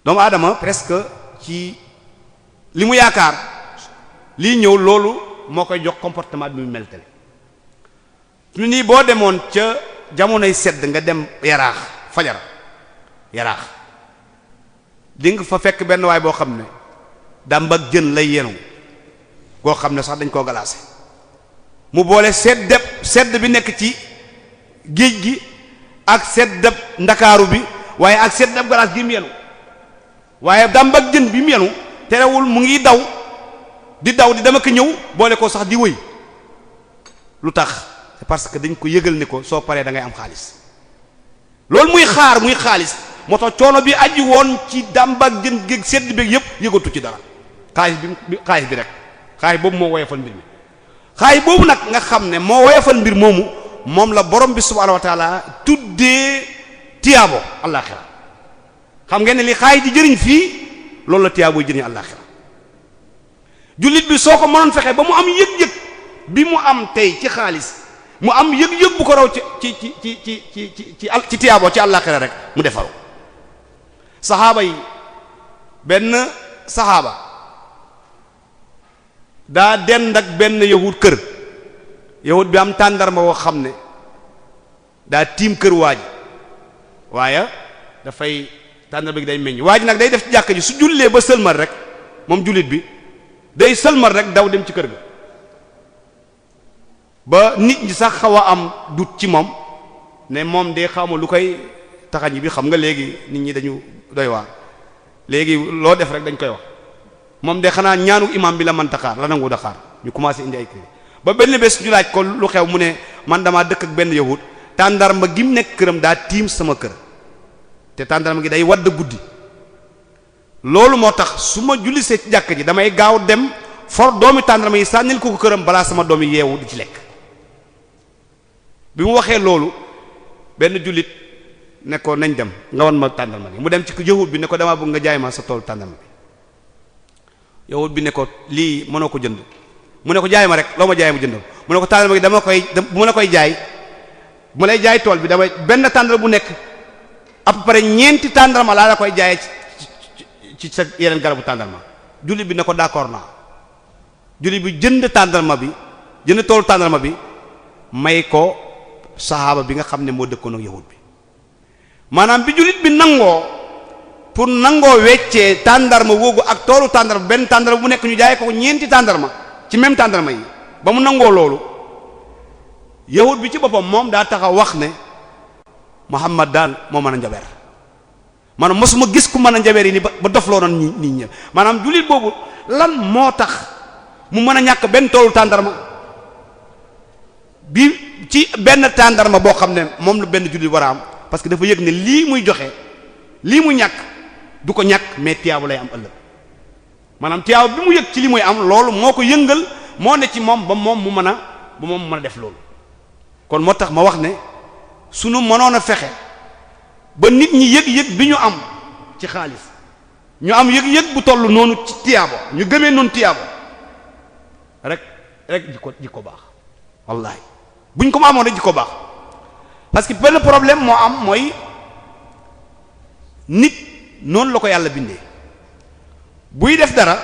Speaker 2: doomu aadama presque ci li mu yaakaar lii ñëw loolu moo koy jox comportement bi mu meltale ñu nii boo demoon ca jamonoy sedd nga dem yaraax fajar yaraax di nga fa fekk benn waay boo xam ne dàmbak jën lay yenu koo xam ne sax dañ koo galaase mu boole sedd sedd bi nekk ci géej gi ak seddab ndakaaru bi waaye ak seddab galaas gi mu yenu waaye dàmbak jën bi mu yenu terewul mu ngi daw di daw di dama ko ñëw boole ko sax di wëy lu tax parce que dañ ko yëgal ni ko soo paree da ngay am xaalis loolu muy xaar muy xaalis moo tax coono bi aji woon ci dàmbak jën géeg sedd beeg yëpp yëgatu ci dara xaalis bi xaalis bi rek xaalis boobu moo woyofal mbir mi xaalis boobu nag nga xam ne moo woyofal mbir moomu moom la borom bi subhaanahu wa taala tuddee tiyaabo àllaaxira xam ngeen ne li xaalis di jëriñ fii loolu la tiyaabo jëriñ àllaaxira jullit bi soo ko mënoon fexe ba mu am yëg-yëg bi mu am tey ci xaalis mu am yëg-yëg bu ko raw ci ci ci ci ci ci ci ci ci tiyaaboo ci àllaaxira rek mu defaru saxaaba yi benn saxaaba daa dend ak benn yahut kër yahut bi am tàndarma woo xam ne daa tiim kër waaj waaye dafay tàndarma gi day meññ waaj nag day def ci ji su jullee ba sëlmal rek moom jullit bi day sëlmal rek daw dem ci kër bi ba nit ñi sax xaw a am dut ci moom ne moom de xaw ma lu koy taxañ bi xam nga léegi nit ñi dañu doy waar léegi loo def rek dañ koy wax moom de xanaa ñaanu imam bi la man xaar la nangu da xaar ñu commencé indi ay kër ba benn bés ñu ko lu xew mu ne man dama dëkk ak benn yahut tàndarma gi mu nekk këram daa tiim sama kër te tàndarma gi day wadd guddi loolu moo tax su ma jullisee ci jàkk ji damay gaaw dem for doomi tàndarma yi sànnil ko këram balaa sama doom yi yeewu di ci lekk bi mu waxee loolu benn jullit ne ko nañ dem nga wan ma ma gi mu dem ci yahut bi ne ko damaa bëgg nga jaay ma sa tool tàndalma bi yahut bi ne ko lii mënoo ko jënd mu ne ko jaay ma rek loo ma jaay mu jënd mu ko tàndalma gi dama koy mu ne koy jaay mu lay jaay tool bi damay benn tàndal bu nekk à peu ñeenti tàndalma laa la koy jaay ci sa yeneen garabu ma jullit bi ne ko d'accord naa jullit bi jënd tàndalma bi jënd toolu ma bi may ko saxaaba bi nga xam ne moo dëkkoon ak yahud bi maanaam bi jullit bi nangoo pour nangoo weccee tàndarma woogu ak toolu tàndarma benn tàndarma bu nekk ñu jaay ko ñeenti tàndarma ci même tàndarma yi ba mu nangoo loolu yahud bi ci boppam moom daa taxaw wax ne Muhammad daal moo mën a njabeer maanaam mosuma gis ku mën a njabeer yi ni ba dof loo noon nit ñi maanaam jullit boobu lan moo tax mu mën a ñàkk benn toolu tàndarma bi ci benn tàndarma boo xam ne moom la benn jullit war a am parce que dafa yëg ne lii muy joxe lii mu ñàkk du ko ñàkk mais tiyaabu lay am ëllëg maanaam tiyaabu bi mu yëg ci li muy am loolu moo ko yëngal moo ne ci moom ba moom mu mën a ba moom mu mën a def loolu kon moo tax ma wax ne sunu mënoon a fexe ba nit ñi yëg-yëg bi ñu am ci xaalis ñu am yëg-yëg bu toll noonu ci tiyaabo ñu gëmee noonu tiyaabo rek rek ji ko ko baax bu ñu ko mu amoon rek ji ko baax parce que benn problème moo am mooy nit noonu la ko yàlla bindee buy def dara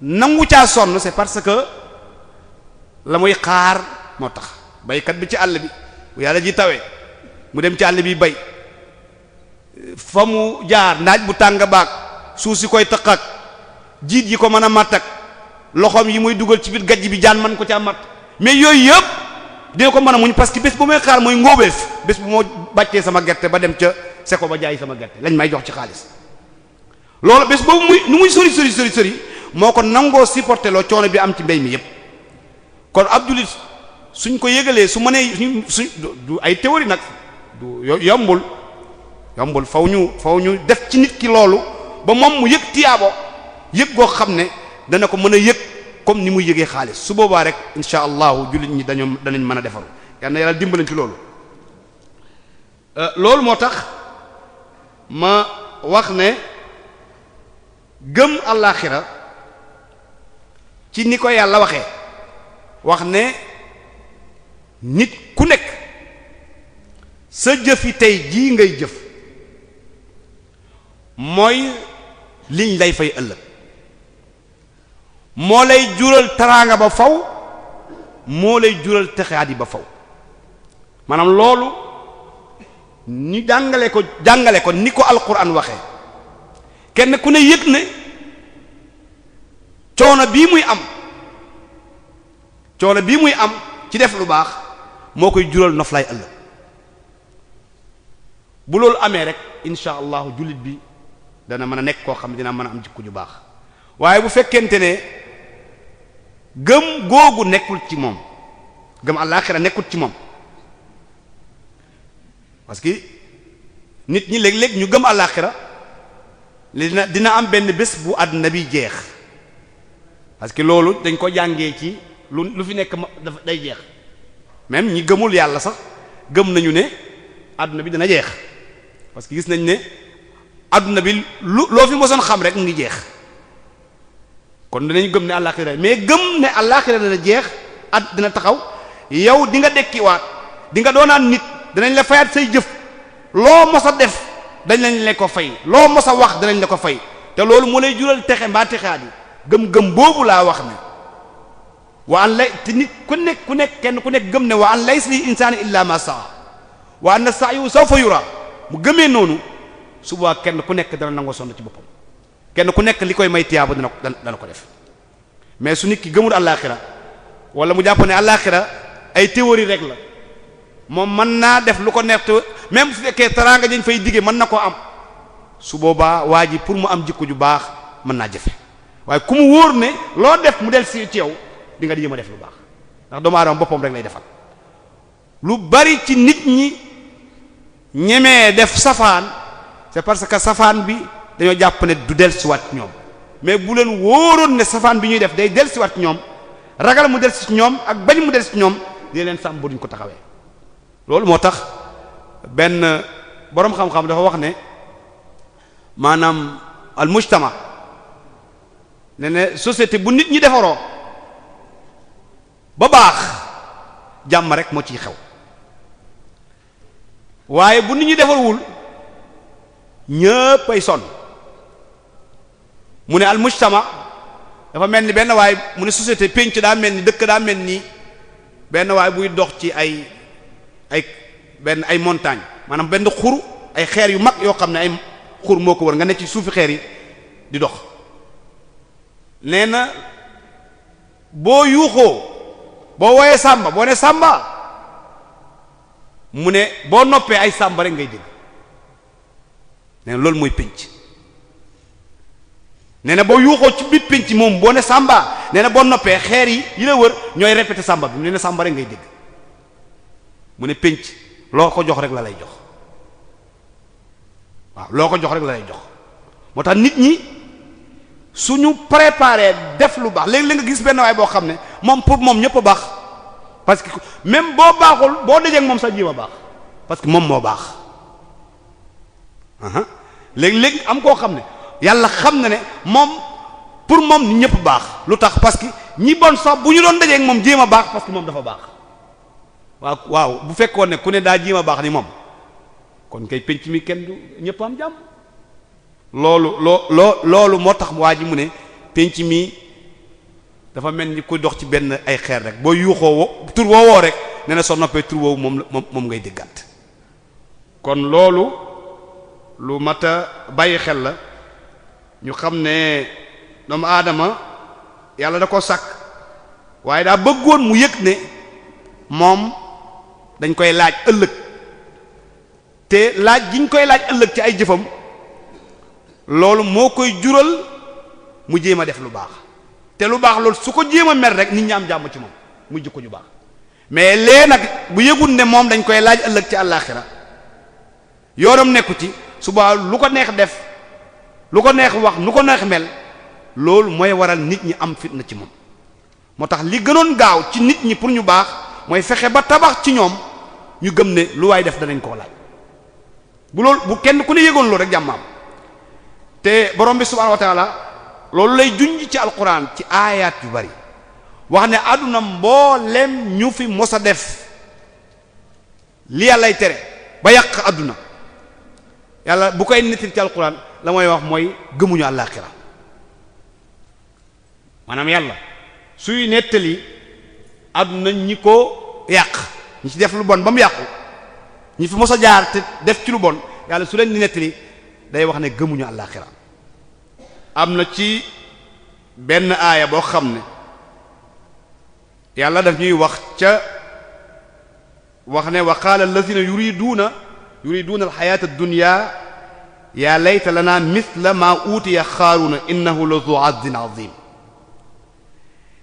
Speaker 2: nangu caa sonn c'est parce que la muy xaar moo tax baykat bi ci àll bi bu yàlla ji tawee mu dem ci àll bi bay fa mu jaar naaj bu tàng baag suuf si koy tëq ak jiit yi ko mën a matt ak loxoom yi muy dugal ci biir gajj bi jaan mën ko caa matt mais yooyu yëpp dina ko mën a muñ parce que bés bu may xaar mooy ngóobeef bés bu moo bàccee sama gerte ba dem ca seko ba jaay sama gerte lañ may jox ci xaalis loolu bés boobu muy nu muy sori sori sori sori moo ko nangoo supporté loo coono bi am ci mbéy mi yëpp kon ab jullit suñ ko yëgalee su mënee suñ suñ du ay théorie nag du yombul yombul faw ñu faw ñu def ci nit ki loolu ba moom mu yëg tiyaabo yëg goo xam ne dana ko mën a yëg comme ni muy yëgee xaalis su boobaa rek insha allahu jullit ñi dañoo danañ mën a defaru yal na yàlla dimbalañ ci loolu euh, loolu moo tax ma wax ne gëm àllaaxira ci ni ko yàlla waxe wax ne nit ku nekk sa jëfi tey jii ngay jëf mooy liñ lay fay ëllëg moo lay jural taraanga ba faw moo lay jural texaat yi ba faw maanaam loolu ñu jàngale ko jàngale ko ni ko alquran waxee kenn ku ne yëg ne coono bii muy am coono bii muy am ci def lu baax moo koy jural noflaay ëllëg bu loolu amee rek insha allahu jullit bi dana mën a nekk koo xam ne dina mën a am jikko ju baax waaye bu fekkente ne gëm googu nekkul ci moom gëm àllaaxira nekkul ci moom parce que nit ñi léeg-léeg ñu gëm àllaaxira dina dina am benn bés bu àdduna bi jeex parce que loolu dañ ko jàngee ci lu lu fi nekk dafa day jeex même ñi gëmul yàlla sax gëm nañu ne àdduna bi dina jeex parce que gis nañ ne àdduna bi lu loo fi mosoon xam rek mu ngi jeex kon dinañ gëm ne àllaaxira mais gëm ne àllaaxira dana jeex at dana taxaw yow di nga dekkiwaat di nga doonaat nit danañ la fayaat say jëf loo mos a def dañ lañ la ko fay loo mos a wax danañ la ko fay te loolu moo lay jural texe mbaa texaat yi gëm-gëm boobu laa wax ne wa an lay te nit ku nekk ku nekk kenn ku nekk gëm ne wa an laysa lil insaani illa ma saa wa anna sa'yu sawfa yura mu gëmee noonu suba kenn ku nekk dana nangoo sonn ci boppam kenn ku nekk li koy may tiyaaba dana ko dana ko def mais su nit ki gëmul àllaaxira wala mu jàpp ne àllaaxira ay théorie rek la moom mën naa def lu ko neex te même su fekkee teraanga dañ fay digge mën na koo am su boobaa waa ji pour mu am jikko ju baax mën naa jëfe waaye ku mu wóor ne loo def mu del si ci yow di nga di jéem def lu baax ndax doomu aadama boppam rek lay defal lu bari ci nit ñi ñemee def safaan c'est parce que safaan bi dañoo jàpp ne du dellusiwaat ñoom mais bu leen wóoroon ne safaan bi ñuy def day dellusiwaat ñoom ragal mu dellusi ci ñoom ak bañ mu dellusi ci ñoom dina leen sàmm duñ ko taxawee loolu moo tax benn boroom xam-xam dafa wax ne maanaam al mujtama ne ne société bu nit ñi defaroo ba baax jàmm rek moo ciy xew waaye bu nit ñi defarwul ñëpp sonn mu ne al mujtama dafa mel ni benn waay mu ne société pénc daa mel ni dëkk daa mel ni benn waay buy dox ci ay ay benn ay montagne maanaam benn xur ay xeer yu mag yoo xam ne ay xur moo ko war nga ne ci suufi xeer yi di dox nee na boo yuuxoo boo woyee sàmba boo ne sàmba mu ne boo noppee ay sàmba rek ngay dégg nee na loolu mooy pinc nee na boo yuuxoo ci biir pénc moom boo ne sàmba nee boo noppee xeer yi yi la wër ñooy répété sàmba bi mu ne sàmba rek ngay dégg mu ne pénc loo ko jox rek la lay jox waaw loo ko jox rek la lay jox moo tax nit ñi suñu préparé def lu baax léegi la nga gis benn waay boo xam ne moom pour moom ñëpp a baax parce que même boo baaxul boo dajee ak moom sa jiima baax parce que moom moo baax léegi léegi am koo xam ne yàlla xam na ne moom pour moom ni ñëpp baax lu tax parce que ñi bon sax bu ñu doon dajee moom jéem a baax parce moom dafa baax waaw waaw bu fekkoon ne ku ne daa jéem a baax ni moom kon kay penc mi kenn du ñëpp am jàmm loolu loo loo loolu moo tax waa ji mu ne penc mi dafa mel ni ku dox ci benn ay xeer rek boo yuuxoo wo tur woowoo rek nee soo noppee tur woowu moom moom moom ngay déggant kon loolu lu mat a bàyyi xel la ñu xam ne doomu aadama yàlla da ko sàkk waaye daa bëggoon mu yëg ne moom dañ koy laaj ëllëg te laaj gi koy laaj ëllëg ci ay jëfam loolu moo koy jural mu jéem def lu baax te lu baax loolu su ko jéem a mer rek nit ñi am jàmm ci moom muy ko ñu baax mais lee nag bu yëgul ne moom dañ koy laaj ëllëg ci àllaaxira yoonam nekku ci suba lu ko neex def lu ko neex wax nu ko neex mel loolu mooy waral nit ñi am fitna ci moom moo tax li gënoon gaaw ci nit ñi pour ñu baax mooy fexe ba tabax ci ñoom ñu gëm ne lu waay def danañ koo laaj bu lool bu kenn ku ne yëgoon loolu rek jàmmaam te borom bi subhanahu wa loolu lay junj ci alquran ci aayaat yu bari wax ne àdduna mboolem ñu fi mos a def li yàllay tere ba yàq àdduna yàlla bu koy nettali ci alquran la mooy wax mooy gëmuñu àllaaxira maanaam yàlla suy nettali àdduna ñi ko yàq ñi ci def lu bon ba mu yàqu ñi fi mos a jaar te def ci lu bon yàlla su leen di nettali day wax ne gëmuñu àllaaxira am na ci benn aaya boo xam ne yàlla daf ñuy wax ca wax ne wa qaala allazina yuriduuna yuriduuna alxayata ad dunya yaa layta lana misla maa uutiya xaaruna innahu la zu azin azim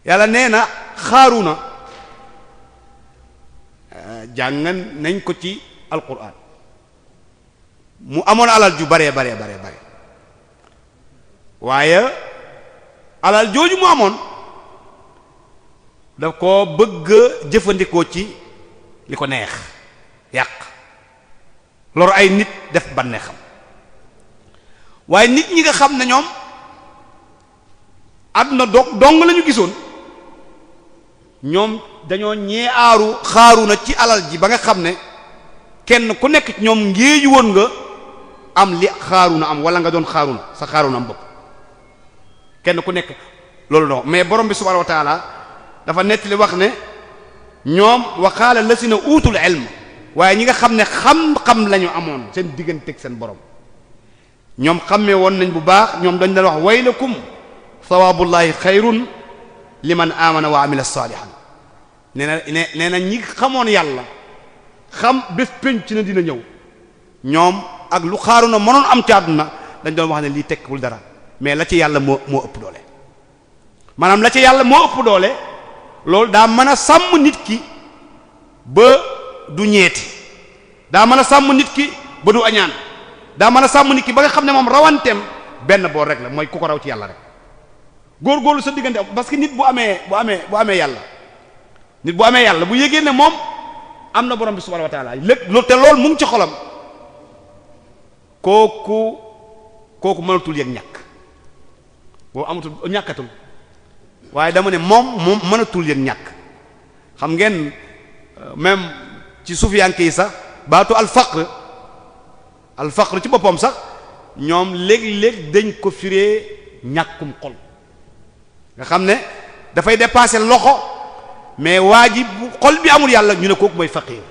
Speaker 2: yàlla nee na xaaruna eh, jàng nañ ko ci alquran mu amoon alal ju baree baree baree bare waaye alal jooju mu amoon daf ko bëgg jëfandikoo ci li ko neex yàq lor ay nit def bànneexam waaye nit ñi nga xam ne ñoom àdduna dog dong lañu ñu gisoon ñoom dañoo ñee aaru xaaru na ci alal ji ba nga xam ne kenn ku nekk ci ñoom ngéeju woon nga am li xaaru na am wala nga doon xaaru na sa xaaru na am bopp kenn ku nekk loolu no mais borom bi subhanahu wa taala dafa nettali wax ne ñoom wa qaala lasina uutul ilm waaye ñi nga xam ne xam-xam la amoon seen digganteeg seen borom ñoom xammee woon nañ bu baax ñoom dañ daan wax waylakum sawabullahi xayrun liman amana wa amila salihan nee na nee na ñi xamoon yàlla xam bés penc na dina ñëw ñoom ak lu xaaru na mënoon am ci àdduna dañ doon wax ne lii tekkul dara mais la ci yàlla moo moo ëpp doole maanaam la ci yàlla moo ëpp doole loolu daa mën a sàmm nit ki ba du ñeeti daa mën a sàmm nit ki ba du añaan daa mën a sàmm nit ki ba nga xam ne moom rawanteem benn boor rek la mooy ku ko raw ci yàlla rek góor góorlu sa diggante parce que nit bu amee bu amee bu amee yàlla nit bu amee yàlla bu yégee ne moom am na borom bi subhanahu wa ta'ala lépp loolu te lool mu ngi ci xolam kooku kooku mënatul yëg ñàkk boo amatul ñàkkatul waaye dama ne moom moom mënatul yëg ñàkk xam ngeen euh, même ci sufiyanke yi sax baatu al faqr alfaqru ci boppam sax ñoom léegi léeg dañ ko firee ñàkkum xol nga xam ne dafay dépasser loxo mais waa ji bu xol bi amul yàlla ñu ne kooku mooy faqir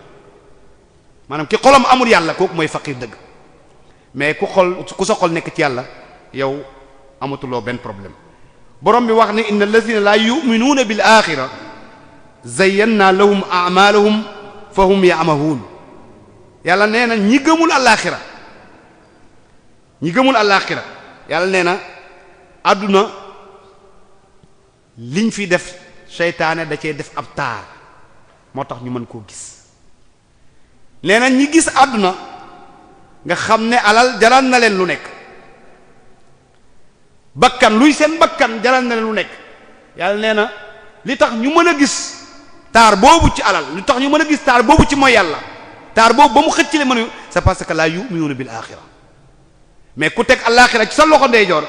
Speaker 2: maanaam ki xolam amul yàlla kooku mooy faqir dëgg mais ku xol ku sa xol nekk ci yàlla yow amatuloo benn problème borom bi wax ne inna allazina la yu'minuna bil axira zayyana lahum a'malahum fa hum ya'mahun yàlla nee na ñi gëmul alaaxira ñi gëmul àllaaxira yàlla nee na àdduna liñ fi def seytaane da cee def ab taar moo tax ñu mën koo gis nee na ñi gis àdduna nga xam ne alal jaral na leen lu nekk bakkan luy seen bakkan jaral na leen lu nekk yàlla nee na li tax ñu mën a gis taar boobu ci alal li tax ñu mën a gis taar boobu ci mooy yàlla taar boobu ba mu xëcc le mënu c'est parce que la yu'minuna bil axira mais ku teg àllaaxira ci sa loxo ndeyjoor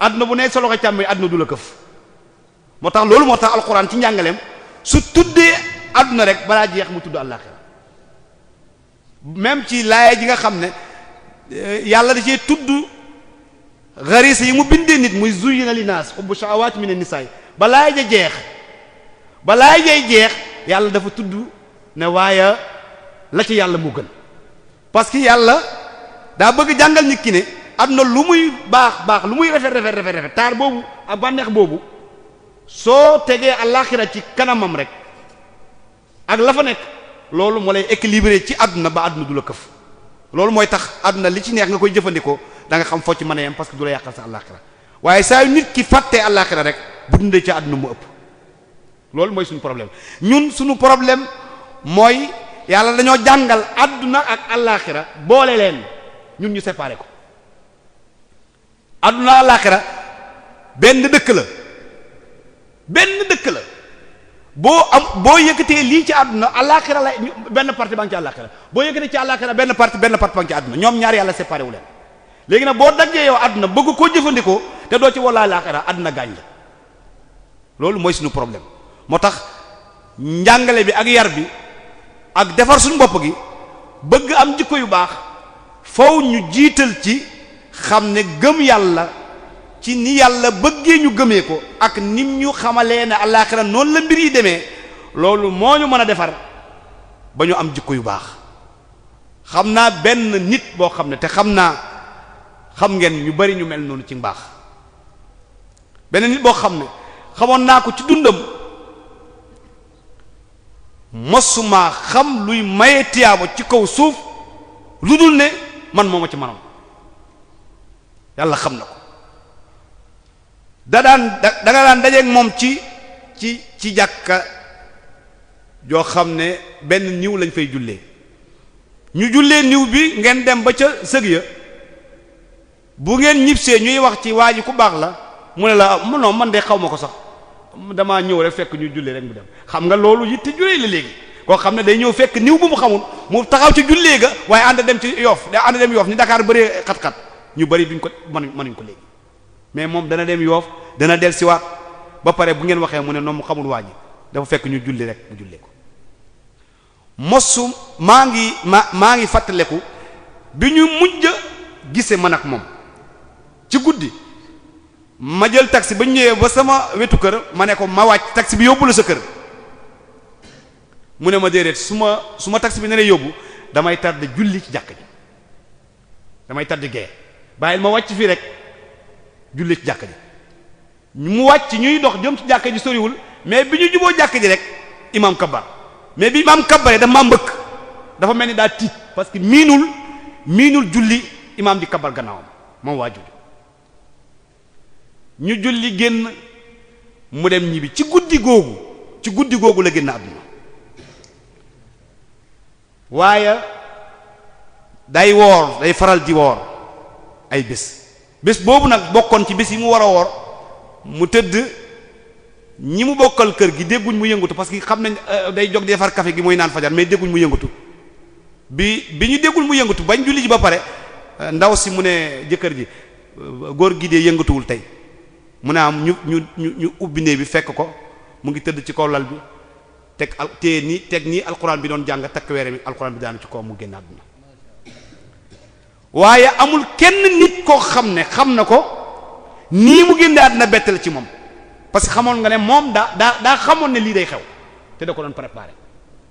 Speaker 2: àdduna bu nee sa loxo càmmoñ àdduna du la këf moo tax loolu moo tax alxuraan ci njàngaleem su tuddee àdduna rek balaa jeex mu tudd àllaaxira même ci laaya ji nga xam ne eh, yàlla da cee tudd xarisa yi mu bindee nit muy zuyyina li naas xubbu shahawaat ne nisaay ba laaya ja jeex ba laaya jeex yàlla dafa tudd ne waaye la ci yàlla mu gën parce yàlla daa bëgg jàngal nit ki ne àdduna lu muy baax baax lu muy rafet rafet rafet rafet taar boobu ak bànneex boobu soo tegee àllaaxira ci kanamam rek ak la fa nekk loolu moo lay équilibré ci àdduna ba àdduna du la loolu mooy tax àdduna li ci neex nga koy jëfandikoo danga xam foo ci mën a yem parce que du la yàqal sa àllaaxira waaye saa yu nit ki fàttee àllaaxira rek bu dundee ci àdduna mu ëpp loolu mooy suñu problème ñun suñu problème mooy yàlla dañoo jàngal àdduna ak àllaaxira boole leen ñun ñu séparé ko àdduna àllaaxira benn dëkk la benn dëkk la boo am boo yëkkatee lii ci àdduna àllaaxira la benn partie ba nga ci àllaaxira boo yëkkatee ci àllaaxira benn partie benn partie ba nga ci àdduna ñoom ñaar yàlla séparé léegi nag boo daggee yow àdduna bëgg koo jëfandikoo te doo ci walla àllaaxira àdduna gaañ la loolu mooy suñu problème moo tax njàngale bi ak yar bi ak defar suñu bopp gi bëgg am jikko yu baax fow ñu jiital ci xam ne gëm yàlla ci ni yàlla bëggee ñu gëmee ko ak nim ñu xamalee ne àllaaxira noonu la mbir yi demee loolu moo ñu mën a defar ba ñu am jikko yu baax xam naa benn nit boo xam ne te xam naa xam ngeen ñu bari ñu mel noonu ci mbaax benn nit xam ne xamoon naa ko ci dundam mosuma xam luy maye tiyaabo ci kaw suuf lu dul ne man moo ci manam yàlla xam na ko da daan da nga daan dajeeg moom ci ci ci jàkka joo xam ne benn niw lañu fay jullee ñu jullee niw bi ngeen dem ba ca sëg ya bu ngeen ñibsee ñuy wax ci waa ji ku baax la mu ne la non man de xaw ma ko sax damaa ñëw rek fekk ñu jullee rek mu dem xam nga loolu yitte jullee la léegi koo xam ne day ñëw fekk niw bu mu xamul mu taxaw ci jullee ga waaye ànd dem ci yoof day ànd dem yoof ni Dakar bëree xat-xat ñu bari duñ ko mën mënuñ ko léegi mais moom dana dem yoof dana del siwaat ba pare bu ngeen waxee mu ne noom mu xamul waa ji dafa fekk ñu julli rek mu jullee ko mosu maa ngi ma maa ngi fàttaleku bi ñu mujj gise man ak moom ci guddi ma jël taxi ba ñëwee ba sama wetu kër ma ne ko ma wàcc taxi bi yóbbu la sa kër mu ne ma déedéet su ma su ma taxi bi ne lay yóbbu damay tarde julli ci jàkk ji damay tarde gee bàyyil ma wàcc fii rek julli ci jàkka ji mu wàcc ñuy dox jëm ci jàkka ji soriwul mais bi ñu juboo jàkka ji rek imam kabbar mais bi imam kabbaree dafa maa mbëkk dafa mel ni daa tiit parce que miinul miinul julli imam di kabbar gannaawam moom waa julli ñu julli génn mu dem ñibbi ci guddi googu ci guddi googu la génn àdduna waaye day woor day faral di woor ay bés bés boobu nag bokkoon ci bés yi mu war a woor mu tëdd ñi mu bokkal kër gi dégguñ mu yëngatu parce que xam nañ euh, day jog di defar café gi mooy naan fajar mais dégguñ mu yëngatu bi bi ñu déggul mu yëngatu bañ julli ji ba pare euh, ndaw si mu ne jëkkër ji euh, góor gi dee yëngatuwul tey mu ne am ñu ñu ñu ñu ubbi néeg bi fekk ko mu ngi tëdd ci kaw lal bi teg al tee nii teg nii alxuraan bi doon jàng takk weere mi alxuraan bi daanu ci kaw mu génn àdduna waaye amul kenn nit koo xam ne xam na ko nii mu génne àddina bettale ci moom parce que xamoon nga ne moom daa daa daa xamoon ne lii day xew te da ko doon préparé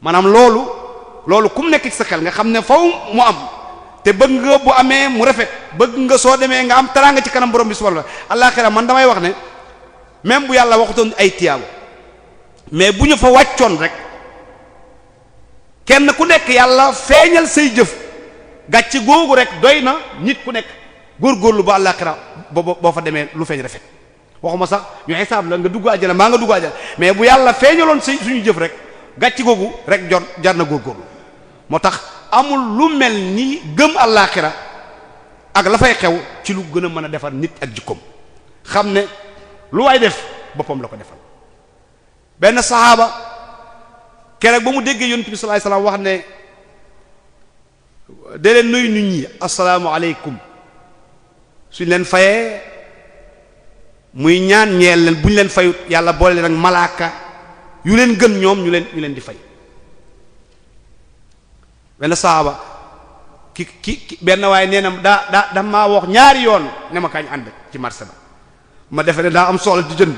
Speaker 2: maanaam loolu loolu ku mu nekk ci sa xel nga xam ne faw mu am te bëgg nga bu amee mu rafet bëgg nga soo demee nga am nga ci kanam borom bi subhanahu àllaaxira man damay wax ne même bu yàlla waxutoon ay tiyaabo mais bu ñu fa wàccoon rek kenn ku nekk yàlla feeñal say jëf gàcce googu rek doy na nit ku nekk góor góorgóorlu ba àllaaxira boo boo fa demee lu feeñ rafet waxuma sax ñu xisaab la nga dugg àjjana maa nga dugg àjjana mais bu yàlla feeñaloon si suñu jëf rek gàcce googu rek jot jar na góorgóorlu moo tax amul lu mel ni gëm àllaaxira ak la fay xew ci lu gën a mën a defar nit ak jikkoom xam ne lu waay def boppam la ko defal benn saxaaba keroog ba mu déggee yonent bi sallallahu alayhi wax ne. da leen nuyu nit ñi asalaamualeykum suñ leen fayee muy ñaan ñeel leen bu ñu leen fayut yàlla boole leen ak malaaka yu leen gën ñoom ñu leen ñu leen di fay benn saaba ki ki benn waaye nee na daa daa da maa wax ñaari yoon ne ma kañ ànd ci marché ba ma defe daa am soxla di jënd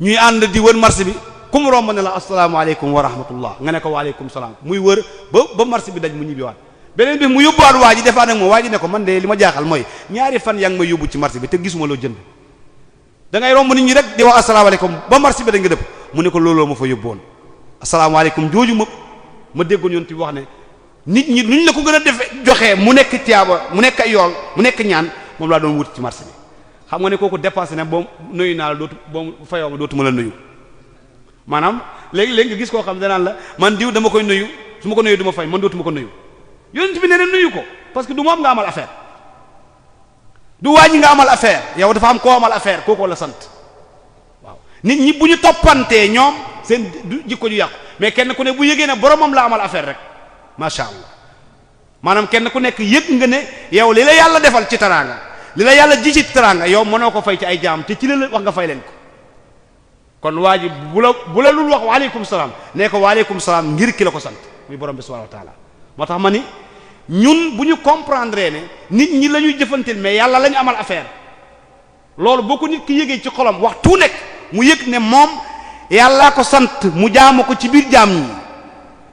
Speaker 2: ñuy ànd di wër marché bi ku mu romb ne la asalaamaaleykum wa rahmatullah nga ne ko waaleykum salaam muy wër ba ba marché bi daj mu waat beneen bi mu yóbbuwaat waa ji defaat ak waa ji ne ko man de li ma jaaxal mooy ñaari fan yaa ngi may yóbbu bi te gisuma loo jënd da ngay romb nit rek di asalaamaaleykum ba marché bi dañ nga dëpp mu ne ko looloo ma fa yóbbuwoon asalaamaaleykum jooju ma ma déggoon yoon ti wax ne nit ñi nuñ la ko gën a defe joxee mu nekk tiyaaba mu nekk yool mu nekk ñaan moom laa doon wut ci marché bi xam nga ne kooku dépassé na boo nuyu naa la dootu boo fayoo ma dootuma la nuyu maanaam léegi léegi nga gis koo xam danaan la man diw dama koy nuyu su ma ko nuyu du ma fay man dootuma ko nuyu yonent bi nee nuyu ko parce que du moom nga amal affaire du waa nga amal affaire yow dafa am koo amal affaire koo la sant waaw nit ñi bu ñu toppantee ñoom seen du jikko ju yàqu mais kenn ku ne bu yëgee ne boromam la amal affaire rek macha allah maanaam kenn ku nekk yëg nga ne yow li la yàlla defal ci teraanga li la yàlla ji ci teraanga yow mënoo ko fay ci ay jaam te ci la la wax nga fay leen ko. kon waa ji bu la bu la lul wax waaleykum salaam nee ko waaleykum salaam ngir ki ko sant muy borom bi subhanahu wa moo tax ma ni ñun bu ñu comprendre ne nit ñi la ñuy jëfanteel mais yàlla la ñu amal affaire loolu boo ko nit ki yëgee ci xolam wax tu nekk mu yëg ne moom yàllaa ko sant mu jaamu ko ci biir jaam ñi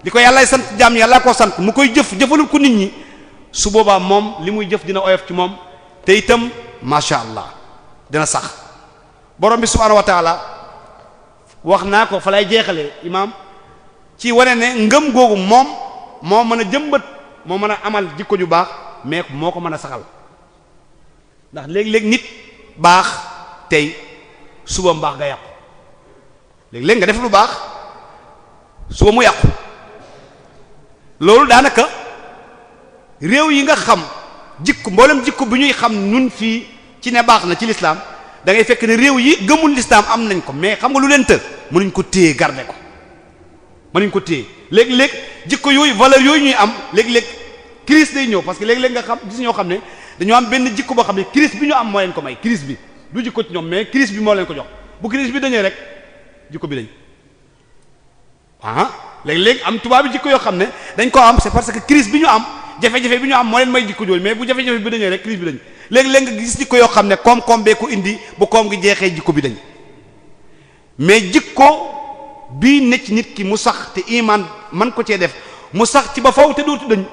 Speaker 2: li ko yàllaay sant jaam ñi yàllaa ko sant mu koy jëf jëfalu ko nit ñi su boobaa moom li muy jëf dina oyof ci moom te itam macha allah sax wax naa ko fa lay jeexalee imaam ci wane ne ngëm googu moom moo mën a jëmbat moo mën a amal jikko ju baax mais moo ko mën a saxal ndax léeg-léeg nit baax tey suba mbaax nga yàqu léeg-léeg nga def lu baax suba mu yàqu loolu daanaka réew yi nga xam jikko mboolem jikko bi ñuy xam ñun fii ci ne baax na ci lislaam da ngay fekk ne réew yi gëmul lislaam am nañ ko mais xam nga lu leen të mënuñ ko téye garde ko mënuñ ko téye léeg-léeg jikko yooyu valeur yooyu ñuy am léeg-léeg crise day ñëw parce que léeg-léeg nga xam gis ñoo xam ne dañoo am benn jikko boo xam ne crise bi ñu am moo leen ko may crise bi du jikko ci ñoom mais crise bi moo leen ko jox bu crise bi dañee rek jikko bi dañ ah léeg-léeg am tubaab bi jikko yoo xam ne dañ ko am c'est parce que crise bi ñu am jafe-jafe bi ñu am moo leen may jikko jooju mais bu jafe léeg-léeg nga gis jikko yoo xam ne koom-koom bee ko indi bu koom gi jeexee jikko bi dañ mais jikko bii ne ci nit ki mu sax te iman man ko cee def mu sax ci ba faw te dootu dañ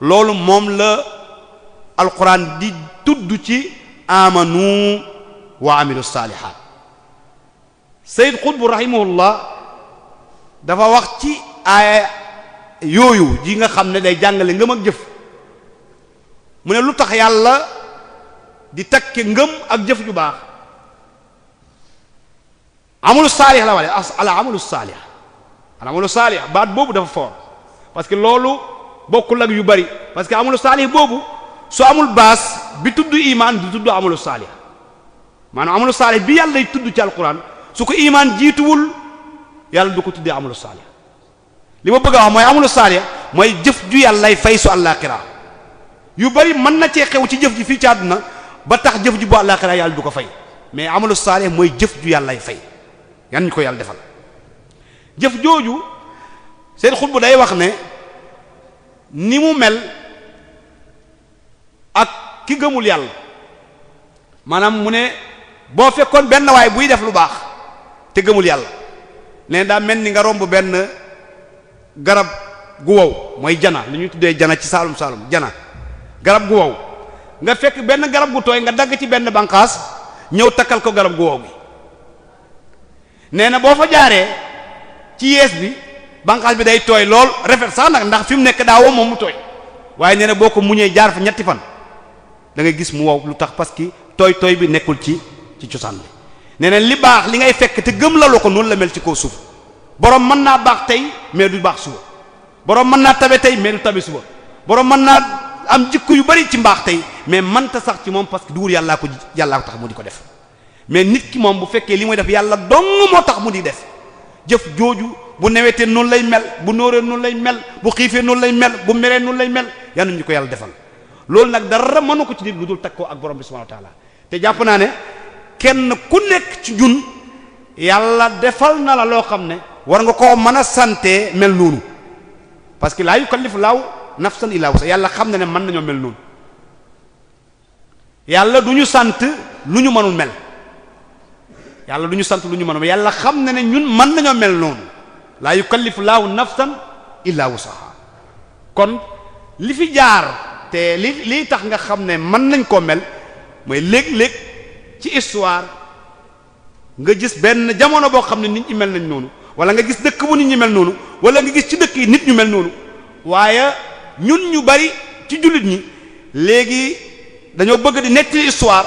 Speaker 2: loolu moom la alquran di tudd ci amanu wa amilu saalihaat sayid xutbu rahimahullah dafa wax ci aaya yooyu ji nga xam ne day jàngale nga ak jëf mu ne lu tax yàlla di takke ngëm ak jëf ju baax amalu saalix la wale al amalu saalix al amalu saalix baat boobu dafa foor parce que loolu bokkul ak yu bari parce que amalu saalix boobu su amul baas bi tudd imaan du tudd amalu saalix maanaam amalu saalix bi yàlla lay tudd ci alquran su ko imaan jiituwul yàlla du ko tuddee amalu saalix li ma bëgg a wax mooy amalu saalix mooy jëf ju yàlla lay fay su àllaaxira yu bari mën na cee xew ci jëf ji fii ci àdduna ba tax jëf ju bu àllaaxira yàlla du ko fay mais amalu saalih mooy jëf ju yàllay fay yan ñu ko yàlla defal jëf jooju seen xutbu day wax ne ni mu mel ak ki gëmul yàlla maanaam mu ne boo fekkoon benn waay buy def lu baax te gëmul yàlla ne daa mel ni nga romb benn garab gu wow mooy jana lu ñuy tuddee jana ci saalum saalum jana garab gu wow nga fekk benn garab gu tooy nga dagg ci benn banqaas ñëw takkal ko garab gu wow gi nee na boo fa jaaree ci yees bi banqaas bi day tooy lool rafet sax nag ndax fi mu nekk daa wow moom mu tooy waaye nee na boo ko muñee jaar fa ñetti fan da ngay gis mu wow lu tax parce que tooy tooy bi nekkul ci ci cosaan bi nee na li baax li ngay fekk te gëm la ko noonu la mel ci kaw suuf boroom mën naa baax tey mais du baax suba borom mën naa tabe tey mais du tabe suba borom am jikko yu bari ci mbaax tey mais mënta sax ci moom parce que duwul yàllaa ko yàllaa ko tax mu di ko def mais nit ki moom bu fekkee li muy def yàlla dong moo tax mu di def jëf jooju bu newetee noonu lay mel bu nooree noonu lay mel bu xiifee noonu lay mel bu meree noonu lay mel yal nañu ko yàlla defal loolu nag dara mënu ko ci nit lu dul tag koo ak borom bi subhanahu ta'ala te jàpp naa ne kenn ku nekk ci jun yàlla defal na la loo xam ne war nga ko mën a sante mel noonu parce que laa yukallifu laaw nafsan illaa wusa yàlla xam na ne mën nañoo mel noonu yàlla du ñu sant lu ñu mënul mel yàlla du sant lu ñu mënul mel xam na ne ñun mën nañoo mel noonu laa yukallifu laahu nafsan illaa wusaha kon li fi jaar te li liy tax nga xam ne mën nañ koo mel mooy léeg-léeg ci histoire nga gis benn jamono boo xam ne nit ñi mel nañ noonu wala nga gis dëkk bu nit ñi mel noonu wala gis ci dëkk yi nit ñu mel noonu waaye ñun ñu bari ci jullit ñi léegi dañoo bëgg di nettali histoire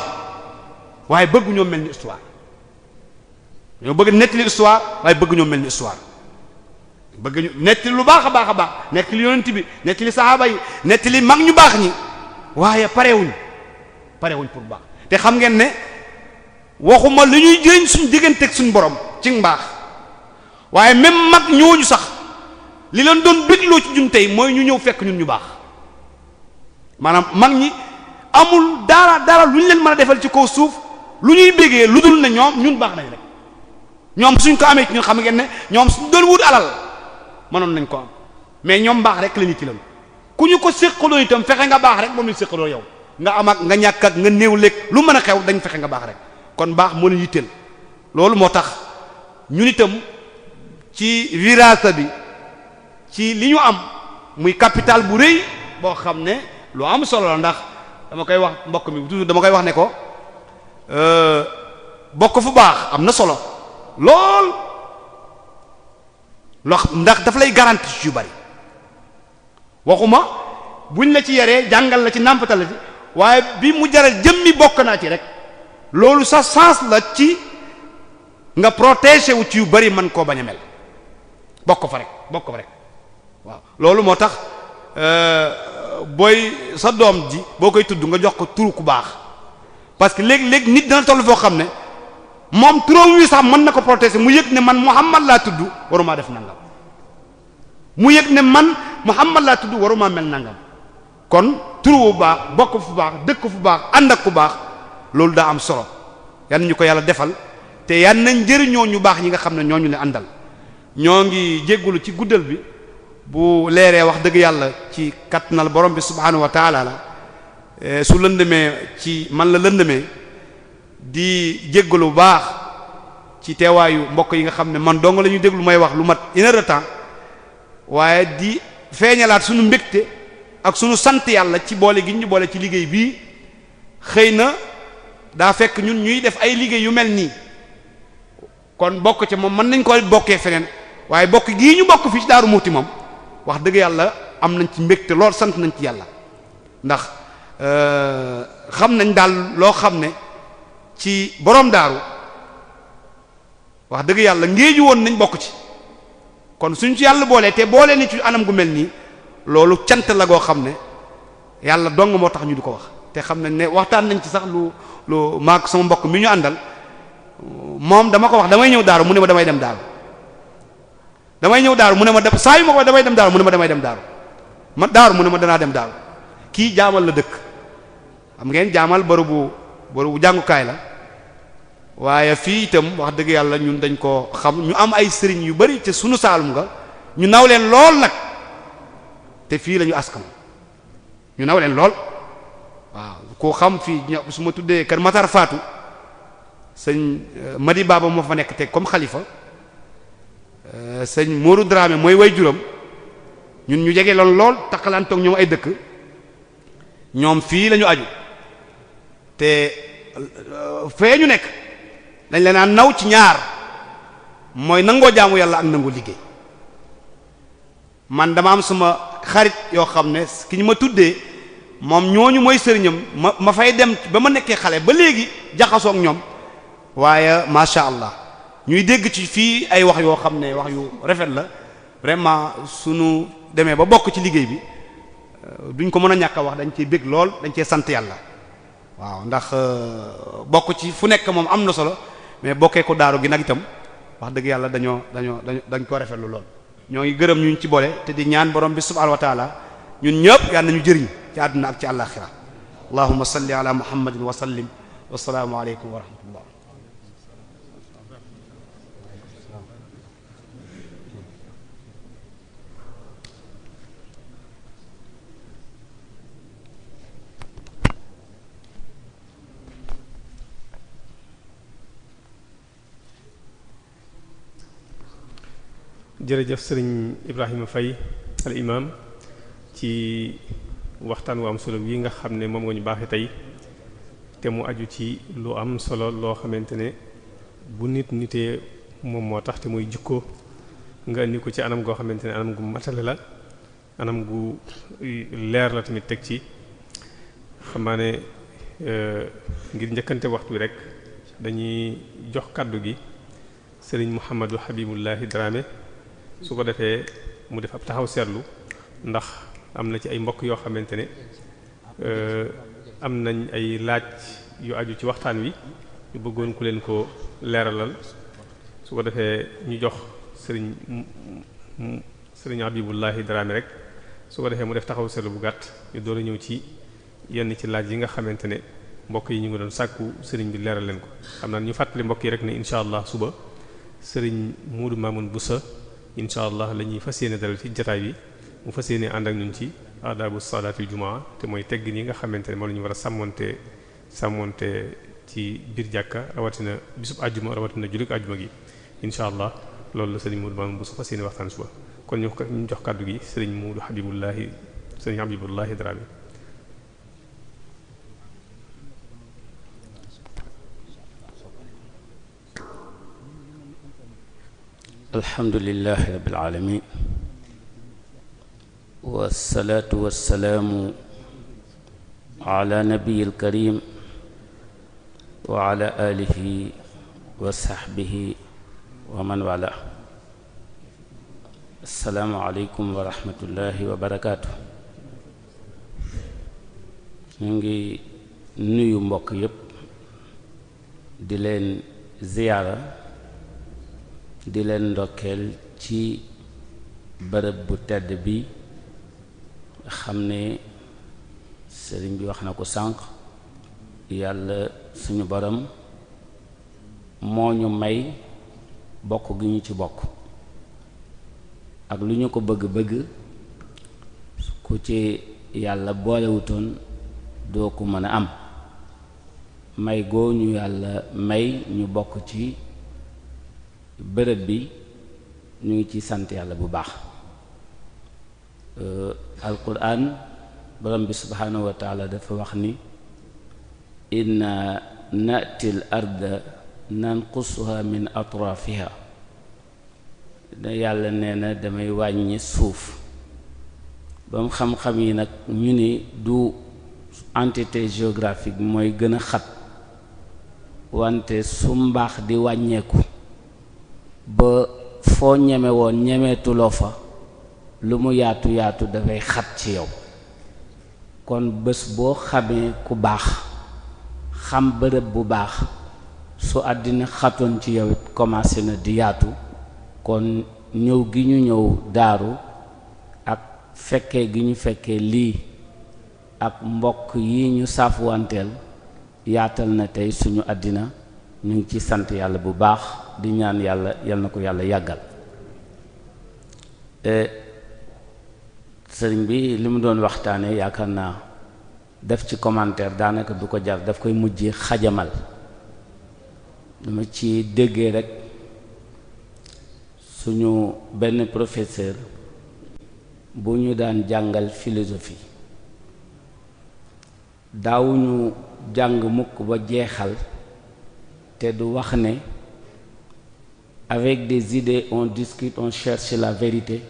Speaker 2: waaye bëgg ñoo mel ni bëgg di nettali waaye bëgg ñoo mel ni histoire bëgg ñu lu baax a baax a baax nettali yonent bi nettali saxaaba yi nettali mag ñu baax ñi waaye parewuñ parewuñ pour baax te xam ngeen ne waxuma li ñuy jëriñ suñ digganteeg suñ borom ci mbaax waaye même mag ñooñu sax li leen doon bégloo ci ñun tey mooy ñu ñëw fekk ñun ñu baax maanaam mag ñi amul dara dara lu ñu leen mën a defal ci kaw suuf lu ñuy bégee lu dul ne ñoom ñun baax nañ rek ñoom suñ ko amee ci ñun xam nga ne ñoom suñ doon wut alal mënoon nañ ko am mais ñoom baax rek la ñu ku ñu ko séqaloo itam fexe nga baax rek moom lañ séqaloo yow nga am ak nga ñàkk ak nga néew lekk lu mën a xew dañ fexe nga baax rek kon baax moo leen yitteel loolu moo tax ñun itam ci virasa bi ci li ñu am muy capital bu rëy boo xam ne lu am solo la ndax dama koy wax mbokk mi toujours dama koy wax ne ko euh, bokk fu baax am na solo lool lox ndax daf lay garanti yu bari waxuma buñ la ci yaree jàngal la ci nàmpatal la ci waaye bi mu jaral jëmmi bokk naa ci rek loolu sa sens la ci nga protéger wu ci yu bari mën koo bañ a mel bokk fa rek bokk fa rek waaw loolu moo tax euh, booy sa doom ji boo koy tudd nga jox ko tur ku baax parce que léeg-léeg nit dana toll foo xam ne moom turam wi sax mën na ko protester mu yëg ne man Muhammad laa tudd waruma def nangam mu yëg ne man mu Muhammad laa tudd waruma mel nangam kon turu bu baax bokk fu baax dëkk fu baax ànd ak ku baax loolu daa am solo yan ñu ko yàlla defal te yan nañ njëriñoo ñu baax ñi nga xam ne ñooñu le àndal ñoo ngi jéggulu ci guddal bi bu leeree wax dëgg yàlla ci kattanal borom bi subhaanahu wa taala la eh, su lëndëmee ci man la lëndëmee di jéggalu bu baax ci teewaayu mbokk yi nga xam ne man dong lañuy ñuy déglu may wax lu mat une waaye di feeñalaat suñu mbégte ak suñu sant yàlla ci boole gi ñu boole ci liggéey bii xëy na daa fekk ñun ñuy def ay liggéey yu mel nii kon bokk ca moom mën nañ ko bokkee feneen waaye bokk gii ñu bokk fii ci Daaru Muxti moom wax dëgg yàlla am nañ ci mbégte lool sant nañ ci yàlla ndax euh, xam nañ daal loo xam ne ci boroom daaru wax dëgg yàlla ngéeju woon nañ bokk ci kon suñ ci yàlla boolee te boolee ni ci anam gu mel nii loolu cant la goo xam ne yàlla dong moo tax ñu du ko wax te xam nañ ne waxtaan nañ ci sax lu lu maak sama mbokk mi ñu àndal moom dama ko wax damay ñëw daaru mu ne ma damay dem daaru damay ñëw daaru mu ne ma def saa yu ma ko damay dem daaru mu ne ma damay dem daaru ma daaru mu ne ma danaa dem daaru kii jaamal la dëkk xam ngeen jaamal bërëbu bërëbu jàngukaay la waaye fii itam wax dëgg yàlla ñun dañ ko xam ñu am ay sëriñ yu bari ci suñu saalum nga ñu naw leen lool nag te fii lañu askam ñu naw leen lool waaw koo xam fii su ma tuddee kër Matar Faatu sëñ euh, Madi Baba moo fa nekk te comme xalifa Euh, sëñ Modou Dramé mooy way juróom ñun ñu jege lool lool takkalantoog ñoom ay dëkk ñoom fii lañu aju te euh, fee ñu nekk dañ leen a naw ci ñaar mooy nangoo jaamu yàlla ak nangoo liggéey man dama am sama xarit yoo xam ne ki ñu ma tuddee moom ñooñu mooy sëriñam ma ma fay dem ba ma nekkee xale ba léegi jaxasoo ak ñoom waaye macha allah. ñuy dégg ci fii ay wax yoo xam ne wax yu rafet la vraiment sunu demee ba bokk ci liggéey bi euh, duñ ko mën a ñàkk a wax dañ cee bég lool dañ cee sant yàlla waaw ndax euh, bokk ci fu nekk moom am na solo mais bokkee ko daaru gi nag itam wax dëgg yàlla dañoo dañoo dañ dañ ko rafetlu lool ñoo ngi gërëm ñu ci boole te di ñaan borom bi subhanahu wa taala ñun ñëpp yàlla nañu jëriñ ci àdduna ak ci àllaxira allahumma salli ala muhammadin wa sallim wassalaamu aleykum wa
Speaker 1: rahmatullah jërëjëf sëriñ Ibrahima Faye al imam ci waxtaan wu am solo yi nga xam ne moom nga ñu baaxee tey te mu aju ci lu am solo loo xamante ne bu nit nitee moom moo tax te muy jikko nga indi ko ci anam goo xamante ne anam gu matale la anam gu leer la tamit teg ci xam naa ne e, ngir njëkkante waxtu rek dañuy jox kàddu gi sëriñ Mouhamadou Habibullahi Dramé su ko defee mu def ab taxaw seetlu ndax am na ci ay mbokk yoo xamante ne euh, am nañ ay laaj yu aju ci waxtaan wi ñu bëggoon ku leen ko leeralal su ko defee ñu jox sëriñ sëriñ Habibullahi Dramé rek su ko defee mu def taxaw seetlu bu gàtt ñu door a ñëw ci yenn ci laaj yi nga xamante ne mbokk yi ñu ngi doon sàkku sëriñ bi leeral leen ko xam naa ñu fàttali mbokk yi rek ne incha allah suba sëriñ Muudu Mamoun Boussa incha allah la ñuy fas yéene dalal ci jataay bi mu fas yéene ànd ak ñun ci adabu salaatul jumaa te mooy tegg ni nga xamante ne moom la ñu war a sàmmonte sàmmonte ci biir jàkka rawatina bisub àjjuma rawatina jullit àjjuma gi incha allah loolu la sëriñ Modou Mamoune Bousso fas yéene waxtaan suba kon ñu jox kàddu gi sëriñ Modou Habibullahi sëriñ Habibullahi Dramé
Speaker 3: alhamdulilahi rabbil alamin wassalaatu wassalaamu ala nabiyil karim wa ala alihi wa sahbihi wa man wala assalaamu aleykum wa rahmatullahi wa barakaatu ñu ngi nuyu mbokk yépp di leen ziyaara di leen ndokkeel ci bërëb bu tedd bi xam ne sëriñ bi wax na ko sànq yàlla suñu borom moo ñu may bokk gi ñu ci bokk ak lu ñu ko bëgg-bëgg ku ci yàlla boolewutoon doo ko mën a am may goo ñu yàlla may ñu bokk ci bërëb bi ñu ngi ci sant yàlla bu baax euh, alquran borom bi subhaanahu dafa wax ni inna nati l arda nanqusuha min atrafiha da yàlla nee na damay wàññi suuf bam xam-xam yi nag ñu ni du entité géographique mooy gën a xat wante su mbaax di wàññeeku ba foo ñeme woon ñemeetuloo fa lu mu yaatu yaatu dafay xat ci yow kon bés boo xamee ku baax xam bërëb bu baax su àddina xatoon ci yow it commencé na di yaatu kon ñëw gi ñu ñëw daaru ak fekkee gi ñu fekkee lii ak mbokk yi ñu saafuwanteel yaatal na tey suñu àddina ñu ngi ci sant yàlla bu baax di ñaan yàlla yal na ko yàlla yàggal eh, sëriñ bi li mu doon waxtaane yaakaar naa def ci commentaire daanaka du ko jar daf koy mujj xajamal dama ci déggee rek suñu benn professeur bu ñu daan jàngal philosophie daawuñu jàng mukk ba jeexal te du wax ne Avec des idées, on discute, on cherche la vérité,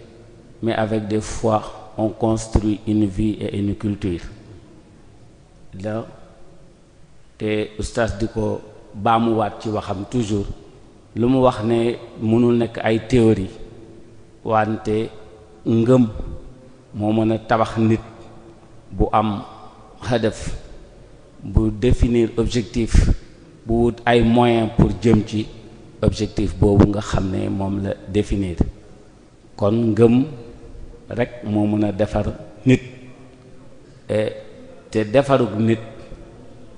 Speaker 3: mais avec des fois on construit une vie et une culture. Là te oustaz di ko baamuwaat ci waxam toujours lu mu wax ne mënul nekk ay théorie wante ngëm moo mën a tabax nit bu am hadaf bu définir objectif bu wut ay moyen pour jëm ci objectif boobu nga xam ne moom la définir kon ngëm rek moo mën a defar nit e, te defarug nit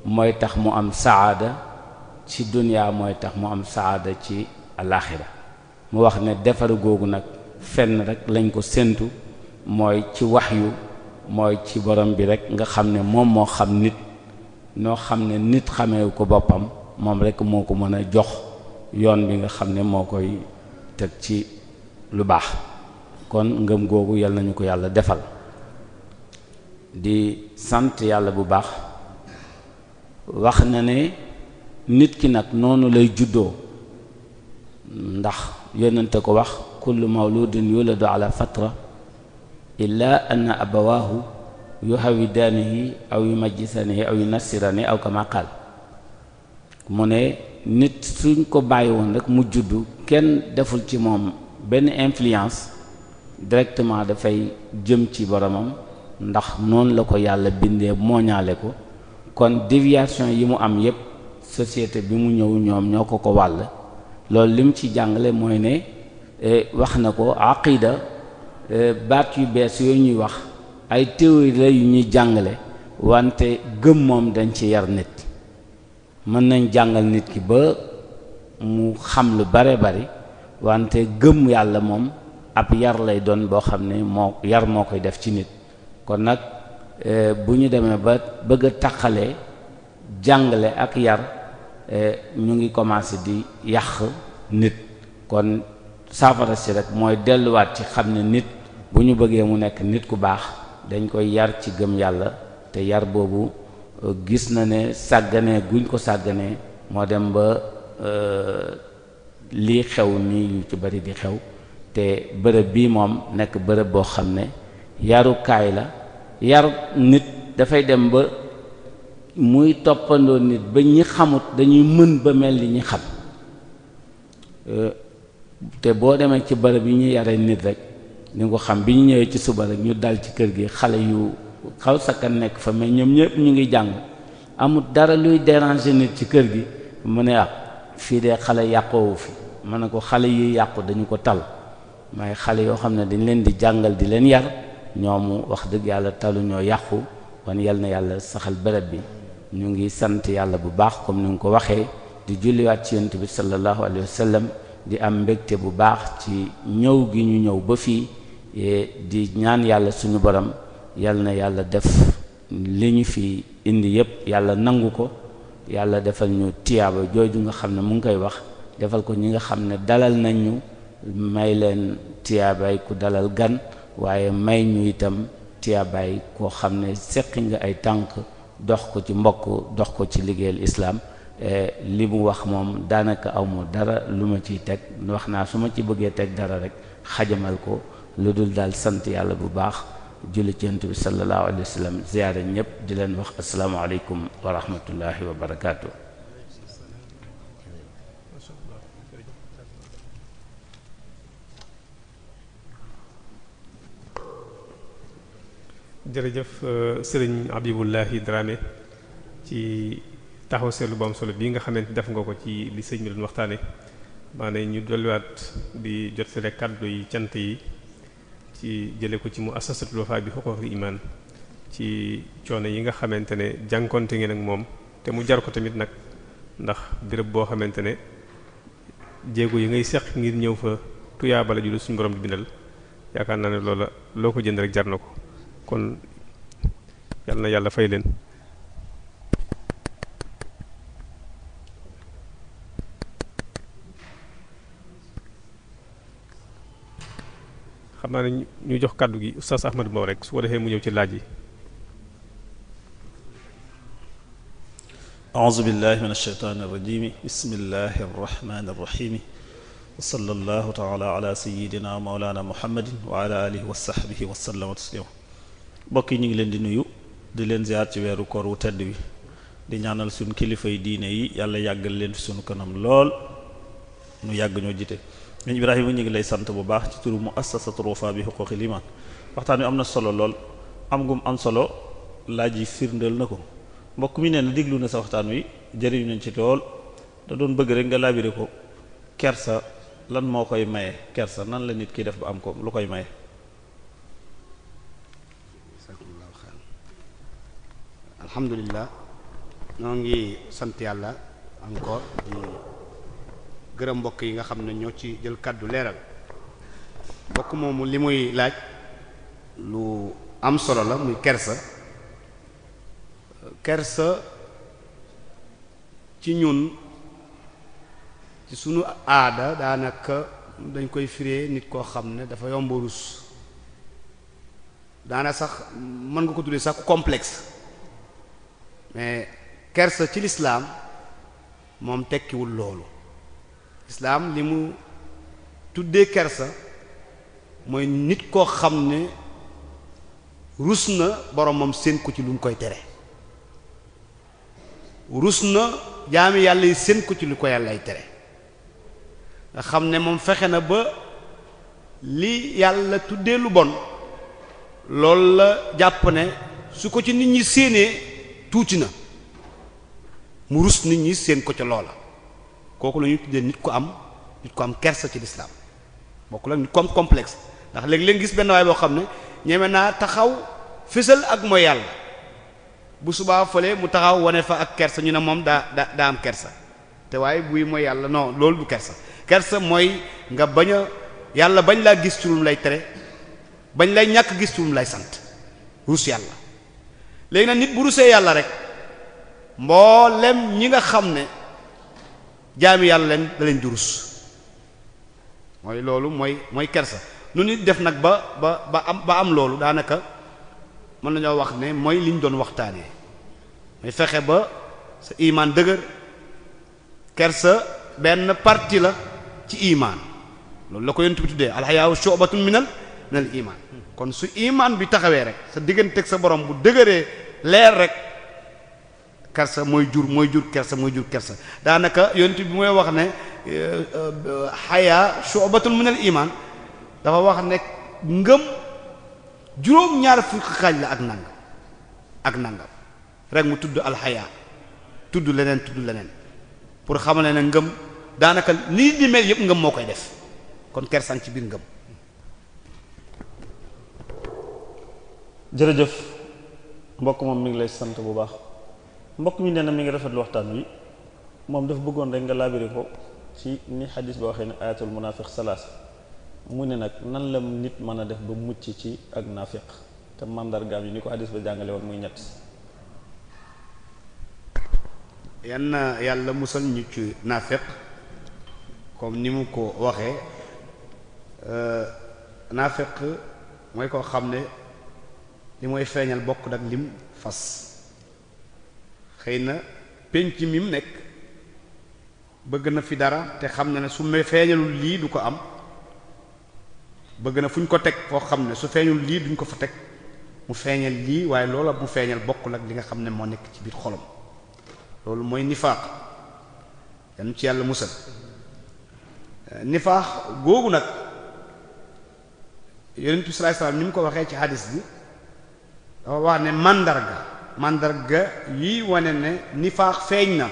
Speaker 3: mooy tax mu am saada ci duniyaa mooy tax mu am saada ci alaxira mu wax ne defar googu nag fenn rek lañ ko séntu mooy ci wax yu mooy ci borom bi rekk nga xam ne moom moo xam nit noo xam ne nit xamewu ko boppam moom rek moo ko mën a jox yoon bi nga xam ne moo koy teg ci lu baax kon ngëm googu yal nañu ko yàlla defal di sant yàlla bu baax wax na ne nit ki nag noonu lay juddoo ndax yonente ko wax kullu la yuladu ala fatra illa anna abawaahu yuhawidaanihi aw yumajjisanihi aw yunassirani aw kama qaal mu ne nit suñ ko bàyyi woon rek mu juddu kenn deful ci moom benn influence directement dafay jëm ci boromam ndax noonu la ko yàlla bindee mooñaale ko kon déviation yi mu am yépp société bi mu ñëw ñoom ñoo ko ko wàll loolu lim ci jàngale mooy ne eh, wax na ko aqida eh, baat yu bees yooyu ñuy wax ay théorie la yu ñuy jàngale wante gëm moom dañ ci yar nit mën nañ jàngal nit ki ba mu xam lu bare bari wante gëm yàlla moom ab yar lay doon boo xam ne moo yar moo koy def ci nit kon nag eh, bu ñu demee ba bëgg a taqale jàngale ak yar eh, ñu ngi commencé di yàq nit kon saafara si rek mooy delluwaat ci xam ne nit bu ñu bëggee mu nekk nit ku baax dañ koy yar ci gëm yàlla te yar boobu gis na ne sàggane guñ ko sàggane moo dem ba euh, lii xew nii yu ci bari di xew te bërëb bii moom nekk bërëb boo xam ne yarukaay la yar nit dafay dem ba muy toppandoo nit ba ñi xamut dañuy mën ba mel ni ñi xam euh, te boo demee ci bërëb yi ñu yare nit rek ñu nga ko xam bi ñu ñëwee ci suba rek ñu dal ci kër gi xale yu xaw sakkan nekk fa may ñoom ñëpp ñu ngi jàng amul dara luy déranger nit ci kër gi mu ne ah fii de xale yàqoowu fi ma ne ko xale yi yàqu dañu ko tal may xale yoo xam ne dañ leen di jàngal di leen yar mu wax dëgg yàlla talu ñoo yàqu kon yal na yàlla saxal béréb bi ñu ngi sant yàlla bu baax comme ni nga ko waxee di julliwaat ci yonent bi sallallahu alayhi wa di am mbégte bu baax ci ñëw gi ñu ñëw ba fii di ñaan yàlla suñu borom yal na yàlla def li ñu fi indi yépp yàlla nangu ko yàlla defal ñu tiyaaba jooju nga xam ne mu ngi koy wax defal ko ñi nga xam ne dalal nañ ñu may leen tiyaabaay ku dalal gan waaye may ñu itam tiyaabaay koo xam ne seqi nga ay tànk dox ko ci mbokk dox ko ci liggéeyal islaam e, li mu wax moom daanaka aw ma dara lu ma ciy teg wax naa su ma ci bëggee teg dara rek xajamal ko lu dul daal sant yàlla bu baax julli ci bi sallallahu alayhi wa sallam ziyaare ñëpp di leen wax asalaamaaleykum wa rahmatullahi wa barakaatu.
Speaker 1: jërëjëf euh, sëriñ Habibullahi Dramé ci taxaw seetlu bu solo bii nga ni def nga ko ci li sëñ bi doon waxtaane maanaam ñu dolliwaat bi jot si rek kàddu yi cant yi. ci jële ko ci mu assasatul wafa bi huquqil iman ci coono yi nga xamante ne jànkonte ngeen ak moom te mu jar ko tamit nag ndax béréb boo xamante ne jéego yi ngay seq ngir ñëw fa tuyaabala ju suñu borom di bindal yaakaar naa ne loola loo ko jënd rek jar na ko kon yal na yàlla fay leen xam naa ne ñu jox kàddu gi oustaz Ahmad Mbow rek su ko defee mu ñëw ci laaj yi
Speaker 4: أعوذ بالله من الشيطان الرجيم بسم الله الرحمن الرحيم وصلى الله تعالى على سيدنا mbokk yi ñu ngi leen di nuyu di leen ziar ci weeru koor wu tedd bi di ñaanal suñ kilifay diine yi yàlla yàggal leen fi suñu kanam lool nu yàgg ñoo jite ñun Ibrahima ñu ngi lay sant bu baax ci turu muassasatu Ruufa bi huquuqil iman waxtaan wi am na solo lool am mu am solo laaj yi firndeel na ko mbokk mi nee na déglu na sa waxtaan wi jëriñu nañ ci lool da doon bëgg rek nga laabire ko kersa lan moo koy maye kersa nan la nit ki def ba am ko lu koy maye.
Speaker 2: alhamdulilah ñoo ngi sant yàlla encore gërëm mbokk yi nga xam ne ñoo ci jël kàddu leeral mbokk moomu li muy laaj lu am solo la muy kersa kersa ci ñun ci sunu aada daanaka dañ koy fire nit koo xam ne dafa yomb rus daana sax mën nga ko tuddee sax ku complexe mais kersa ci lislaam moom tekkiwul loolu islaam li mu tuddee kersa mooy nit koo xam ne rus na boromam seen ko ci lu mu koy tere rus na jaami yàlla yi seen ko ci lu ko yàllay tere nga xam ne moom fexe na ba li yàlla tuddee lu bon lool la jàpp ne su ko ci nit ñi séenee tuuti na mu rus nit ñi seen ko ca loola kooku la ñuy tuddee nit ko am nit ko am kersa la nit ndax léegi-léegi gis benn waay boo xam ne ñeme naa taxaw fësal ak mooy yàlla bu subaa fële mu taxaw wone fa ak kersa ñu ne moom daa daa daa am kersa te waaye buy mooy yàlla noo loolu du kersa kersa mooy nga bañ a yàlla bañ laa gis ci lay tere bañ lay ñàkk gis ci lay sant ruus yàlla léegi nag nit bu rusee yàlla rek mboolem ñi nga xam ne jaami yàlla leen da leen durus mooy loolu mooy mooy kersa nu nit def nag ba ba ba am ba am loolu daanaka mën nañoo wax ne mooy li ñu doon waxtaanee mooy fexe ba sa imaan dëgër kersa benn partie la ci imaan loolu la ko yonent bi tuddee alxayaawu shu'batun minal minal imaan kon su imaan bi taxawee rek sa digganteeg sa borom bu dëgëree leer rek kersa mooy jur mooy jur kersa mooy jur kersa daanaka yonent bi mooy wax ne xayaa shu'batun minal imaan dafa wax ne ngëm juróom-ñaar fukki xaaj la ak nangam ak nangam rek mu tudd alxayaa tudd leneen tudd leneen pour xamale ne ngëm daanaka nii di mel yëpp ngëm moo koy def kon kersan ci biir ngëm
Speaker 4: jërëjëf mbokk moom mi ngi lay sant bu baax mbokk mi nee na mi ngi rafetlu waxtaan wi moom dafa bëggoon rek nga laabiri ko ci ni xadis ba waxee ne ayatul munaafiq salaas mu ne nag nan la nit mën a def ba mucc ci ak naafiq te màndargaam yi ni ko xadis ba jàngale woon muy ñett
Speaker 2: yan na yàlla musal ñu ci naafiq comme ni mu ko waxee euh, naafiq mooy koo xam ne li mooy feeñal bokk nag lim fas xëy na penc mi mu nekk bëgg na fi dara te xam na ne su ma feeñalul lii du ko am bëgg na fu ñu ko teg foo xam ne su feeñul lii duñ ko fa teg mu feeñal lii waaye loola mu feeñal bokkul ak li nga xam ne moo nekk ci biir xolam loolu mooy nifaaq yan ci yàlla musal eh, nifaax googu nag yonent bi ni mu ko waxee ci hadis bi dafa wax ne màndarga màndarga yi wane ne ni nifaax feeñ na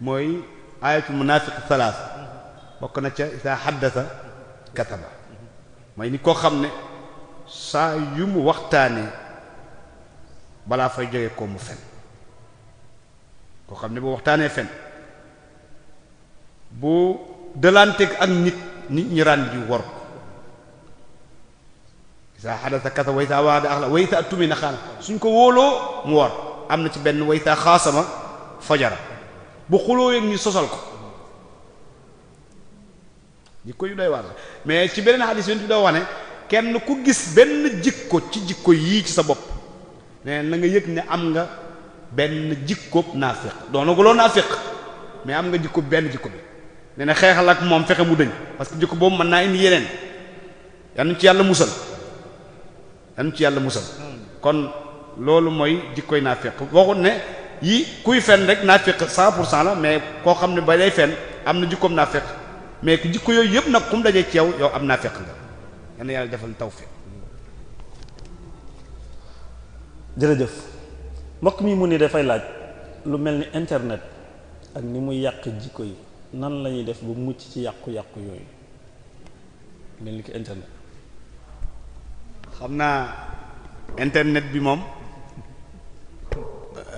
Speaker 2: mooy ayatul munaafiq salaas bokk na ca isaa sa kataba mooy ni koo xam ne saa yu mu waxtaanee balaa fay jógee ko fen koo xam ne bu waxtaanee fen boo dëlanteeg ak nit nit ñi rànd ji isa xadasa kasa waysa waada axla waysa tumina xaana suñ ko wóoloo mu war am na ci benn waysa xaasama fajara bu xuloo yéeg ñu sosal ko jikko yu doy waar la mais ci beneen xadis yonent bi doo wane kenn ku gis benn jikko ci jikko yii ci sa bopp nee na nga yëg ne am nga benn jikkoob naafiq doonaguloo naafiq mais am nga jikko benn jikko bi nee na xeexal ak moom fexe mu dëñ parce que jikko boobu mën naa indi yeneen yal nañ ci yàlla musal dañ ci yàlla musal kon loolu mooy jikkoy naafeq waxut ne yi kuy fen rek naafeq cent pour cent la mais koo xam ne ba day fen am na jikkoom naafeq mais ku jikko yooyu yëpp nag kum dajee ci yow yow am naafeq nga yàlla yàlla defal tawfiq jërëjëf mbokk mi mu ni dafay laaj
Speaker 4: lu mel ni internet ak ni muy yàq jikko yi nan lañuy def ba mucc
Speaker 2: ci yàqu-yàqu yooyu mel ni ki internet xam naa internet bi moom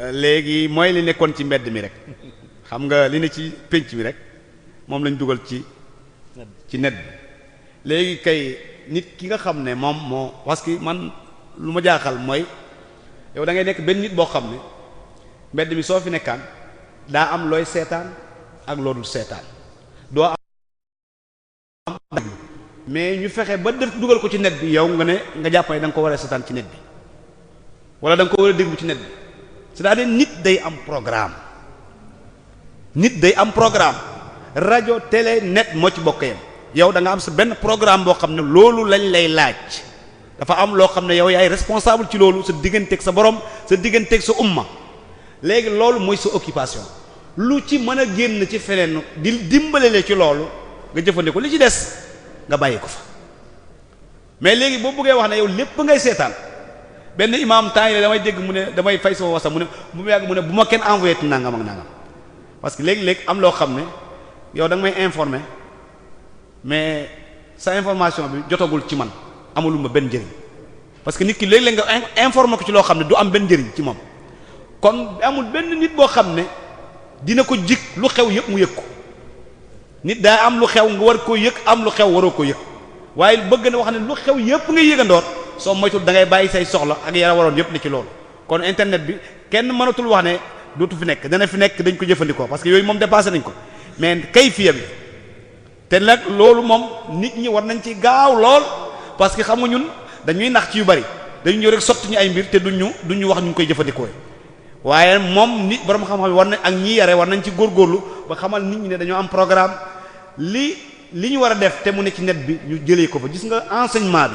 Speaker 2: euh, léegi mooy li nekkoon ci mbedd mi rek xam nga li ne ci pénc mi rek moom lañ dugal ci ci net bi léegi kay nit ki nga xam ne moom moo parce que man lu ma jaaxal mooy yow dangay nekk benn nit boo xam ne mbedd mi soo fi nekkaan daa am looy seetaan ak loolu seetaan doo am mais ñu fexe ba def dugal ko ci net bi yow nga ne nga jàpp ne da ko war a seetaan ci net bi wala da ko war a déglu ci net bi cest à nit day am programme nit day am programme rajo télé net moo ci bokk yam yow da nga am sa benn programme boo xam ne loolu lañ lay laaj dafa am loo xam ne yow yaay responsable ci loolu sa digganteeg sa borom sa digganteeg sa umma léegi loolu mooy sa occupation lu ci mën a génn ci feneen di dimbale le ci loolu nga jëfandikoo li ci des. nga bàyyi ko fa mais léegi boo bëggee wax ne yow lépp ngay seetaan benn imaam temps yi damay dégg mu ne damay fay sama wasa mu ne bu ma yàgg mu ne bu ma kenn envoyé ti nangam ak nangam parce que léegi léeg am loo xam ne yow danga may informer mais sa information bi jotagul ci man amaluma benn njëriñ parce que nit ki léeg-léeg nga informer ko ci loo xam ne du am benn njëriñ ci moom kon amul benn nit boo xam ne dina ko jik lu xew yëpp mu yëg ko nit daa am lu xew nga war koo yëg am lu xew waroo ko yëg waaye bëgg na wax ne lu xew yëpp ngay yëgandoor soo moytul dangay bàyyi say soxla ak yara waroon yëpp ne ci loolu kon internet bi kenn mënatul wax ne dootu fi nekk dana fi nekk dañ ko jëfandikoo parce que yooyu moom dépassé nañ ko mais kay fiya bi te nag loolu moom nit ñi war nañ ci gaaw lool parce que xam nga ñun dañuy nax ci yu bari dañu ñëw rek sotti ñu ay mbir te du du duñu wax ñu koy jëfandikoo waaye moom nit borom xam-xam war nañ ak ñii yare war nañ ci góor góorlu ba xamal nit ñi ne dañoo am programme li li ñu war a def te mu ne ci net bi ñu jëlee ko fa gis nga enseignement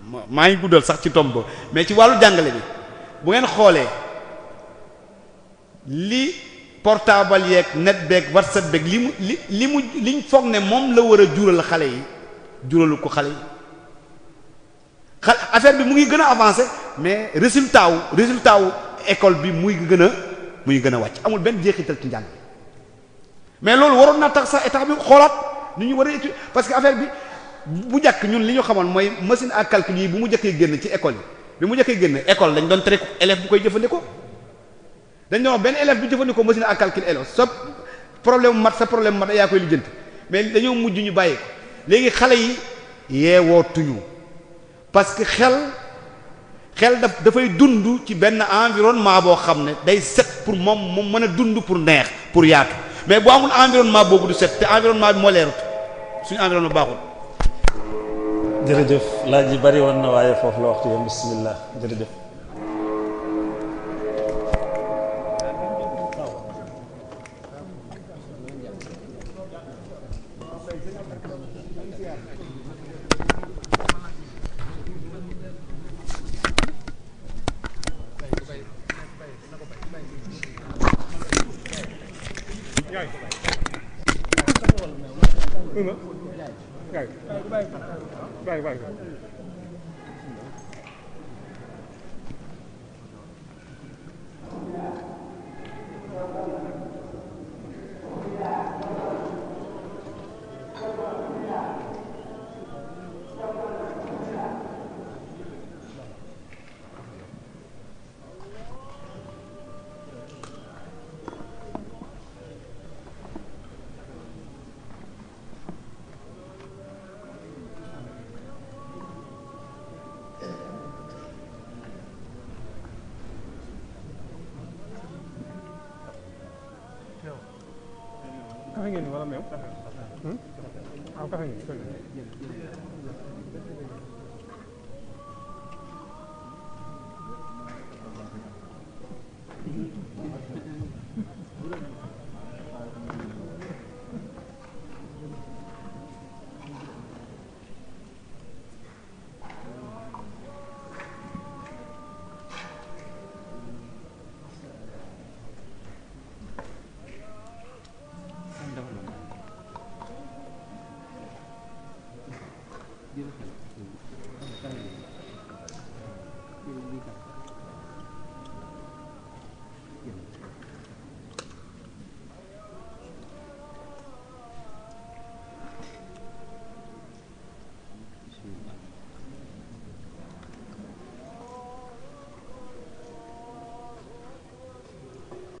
Speaker 2: bi maa ngi guddal sax ci tomb mais ci wàllu jàngale bi bu ngeen xoolee li portable yeeg net beeg whatsapp beeg li mu li li mu liñ foog ne moom la war a jural xale yi juralu ko xale yi xal affaire bi mu ngi gën a avancé mais résultat wu résultat école bi muy gën a muy gën a wàcc amul benn jeexital ci njàng mais loolu waroon naa tax sax état bi xoolaat nu ñu war a étudier parce que affaire bi bu jàkk ñun li ñu xamoon mooy machine ak calcul yi bi mu njëkkee génn ci école yi bi mu njëkkee génn école dañ doon tere élève bu koy jëfandikoo dañ doon benn élève bu jëfandikoo machine à calcul élève sa problème mat sa problème mat yaa koy lijjanti mais dañoo mujj ñu bàyyi léegi xale yi yeewootuñu parce que xel xel daf dafay dund ci benn environnement boo xam ne day set pour moom mu mën a dund pour neex pour yaatu mais bu amul environnement boobu du set te environnement bi moo leerut suñu environnement baaxul.
Speaker 4: jërëjëf laaj yi bari woon na waaye foofu la waxtu yoon bismillah jërëjëf.
Speaker 1: Bye bye. Bye bye.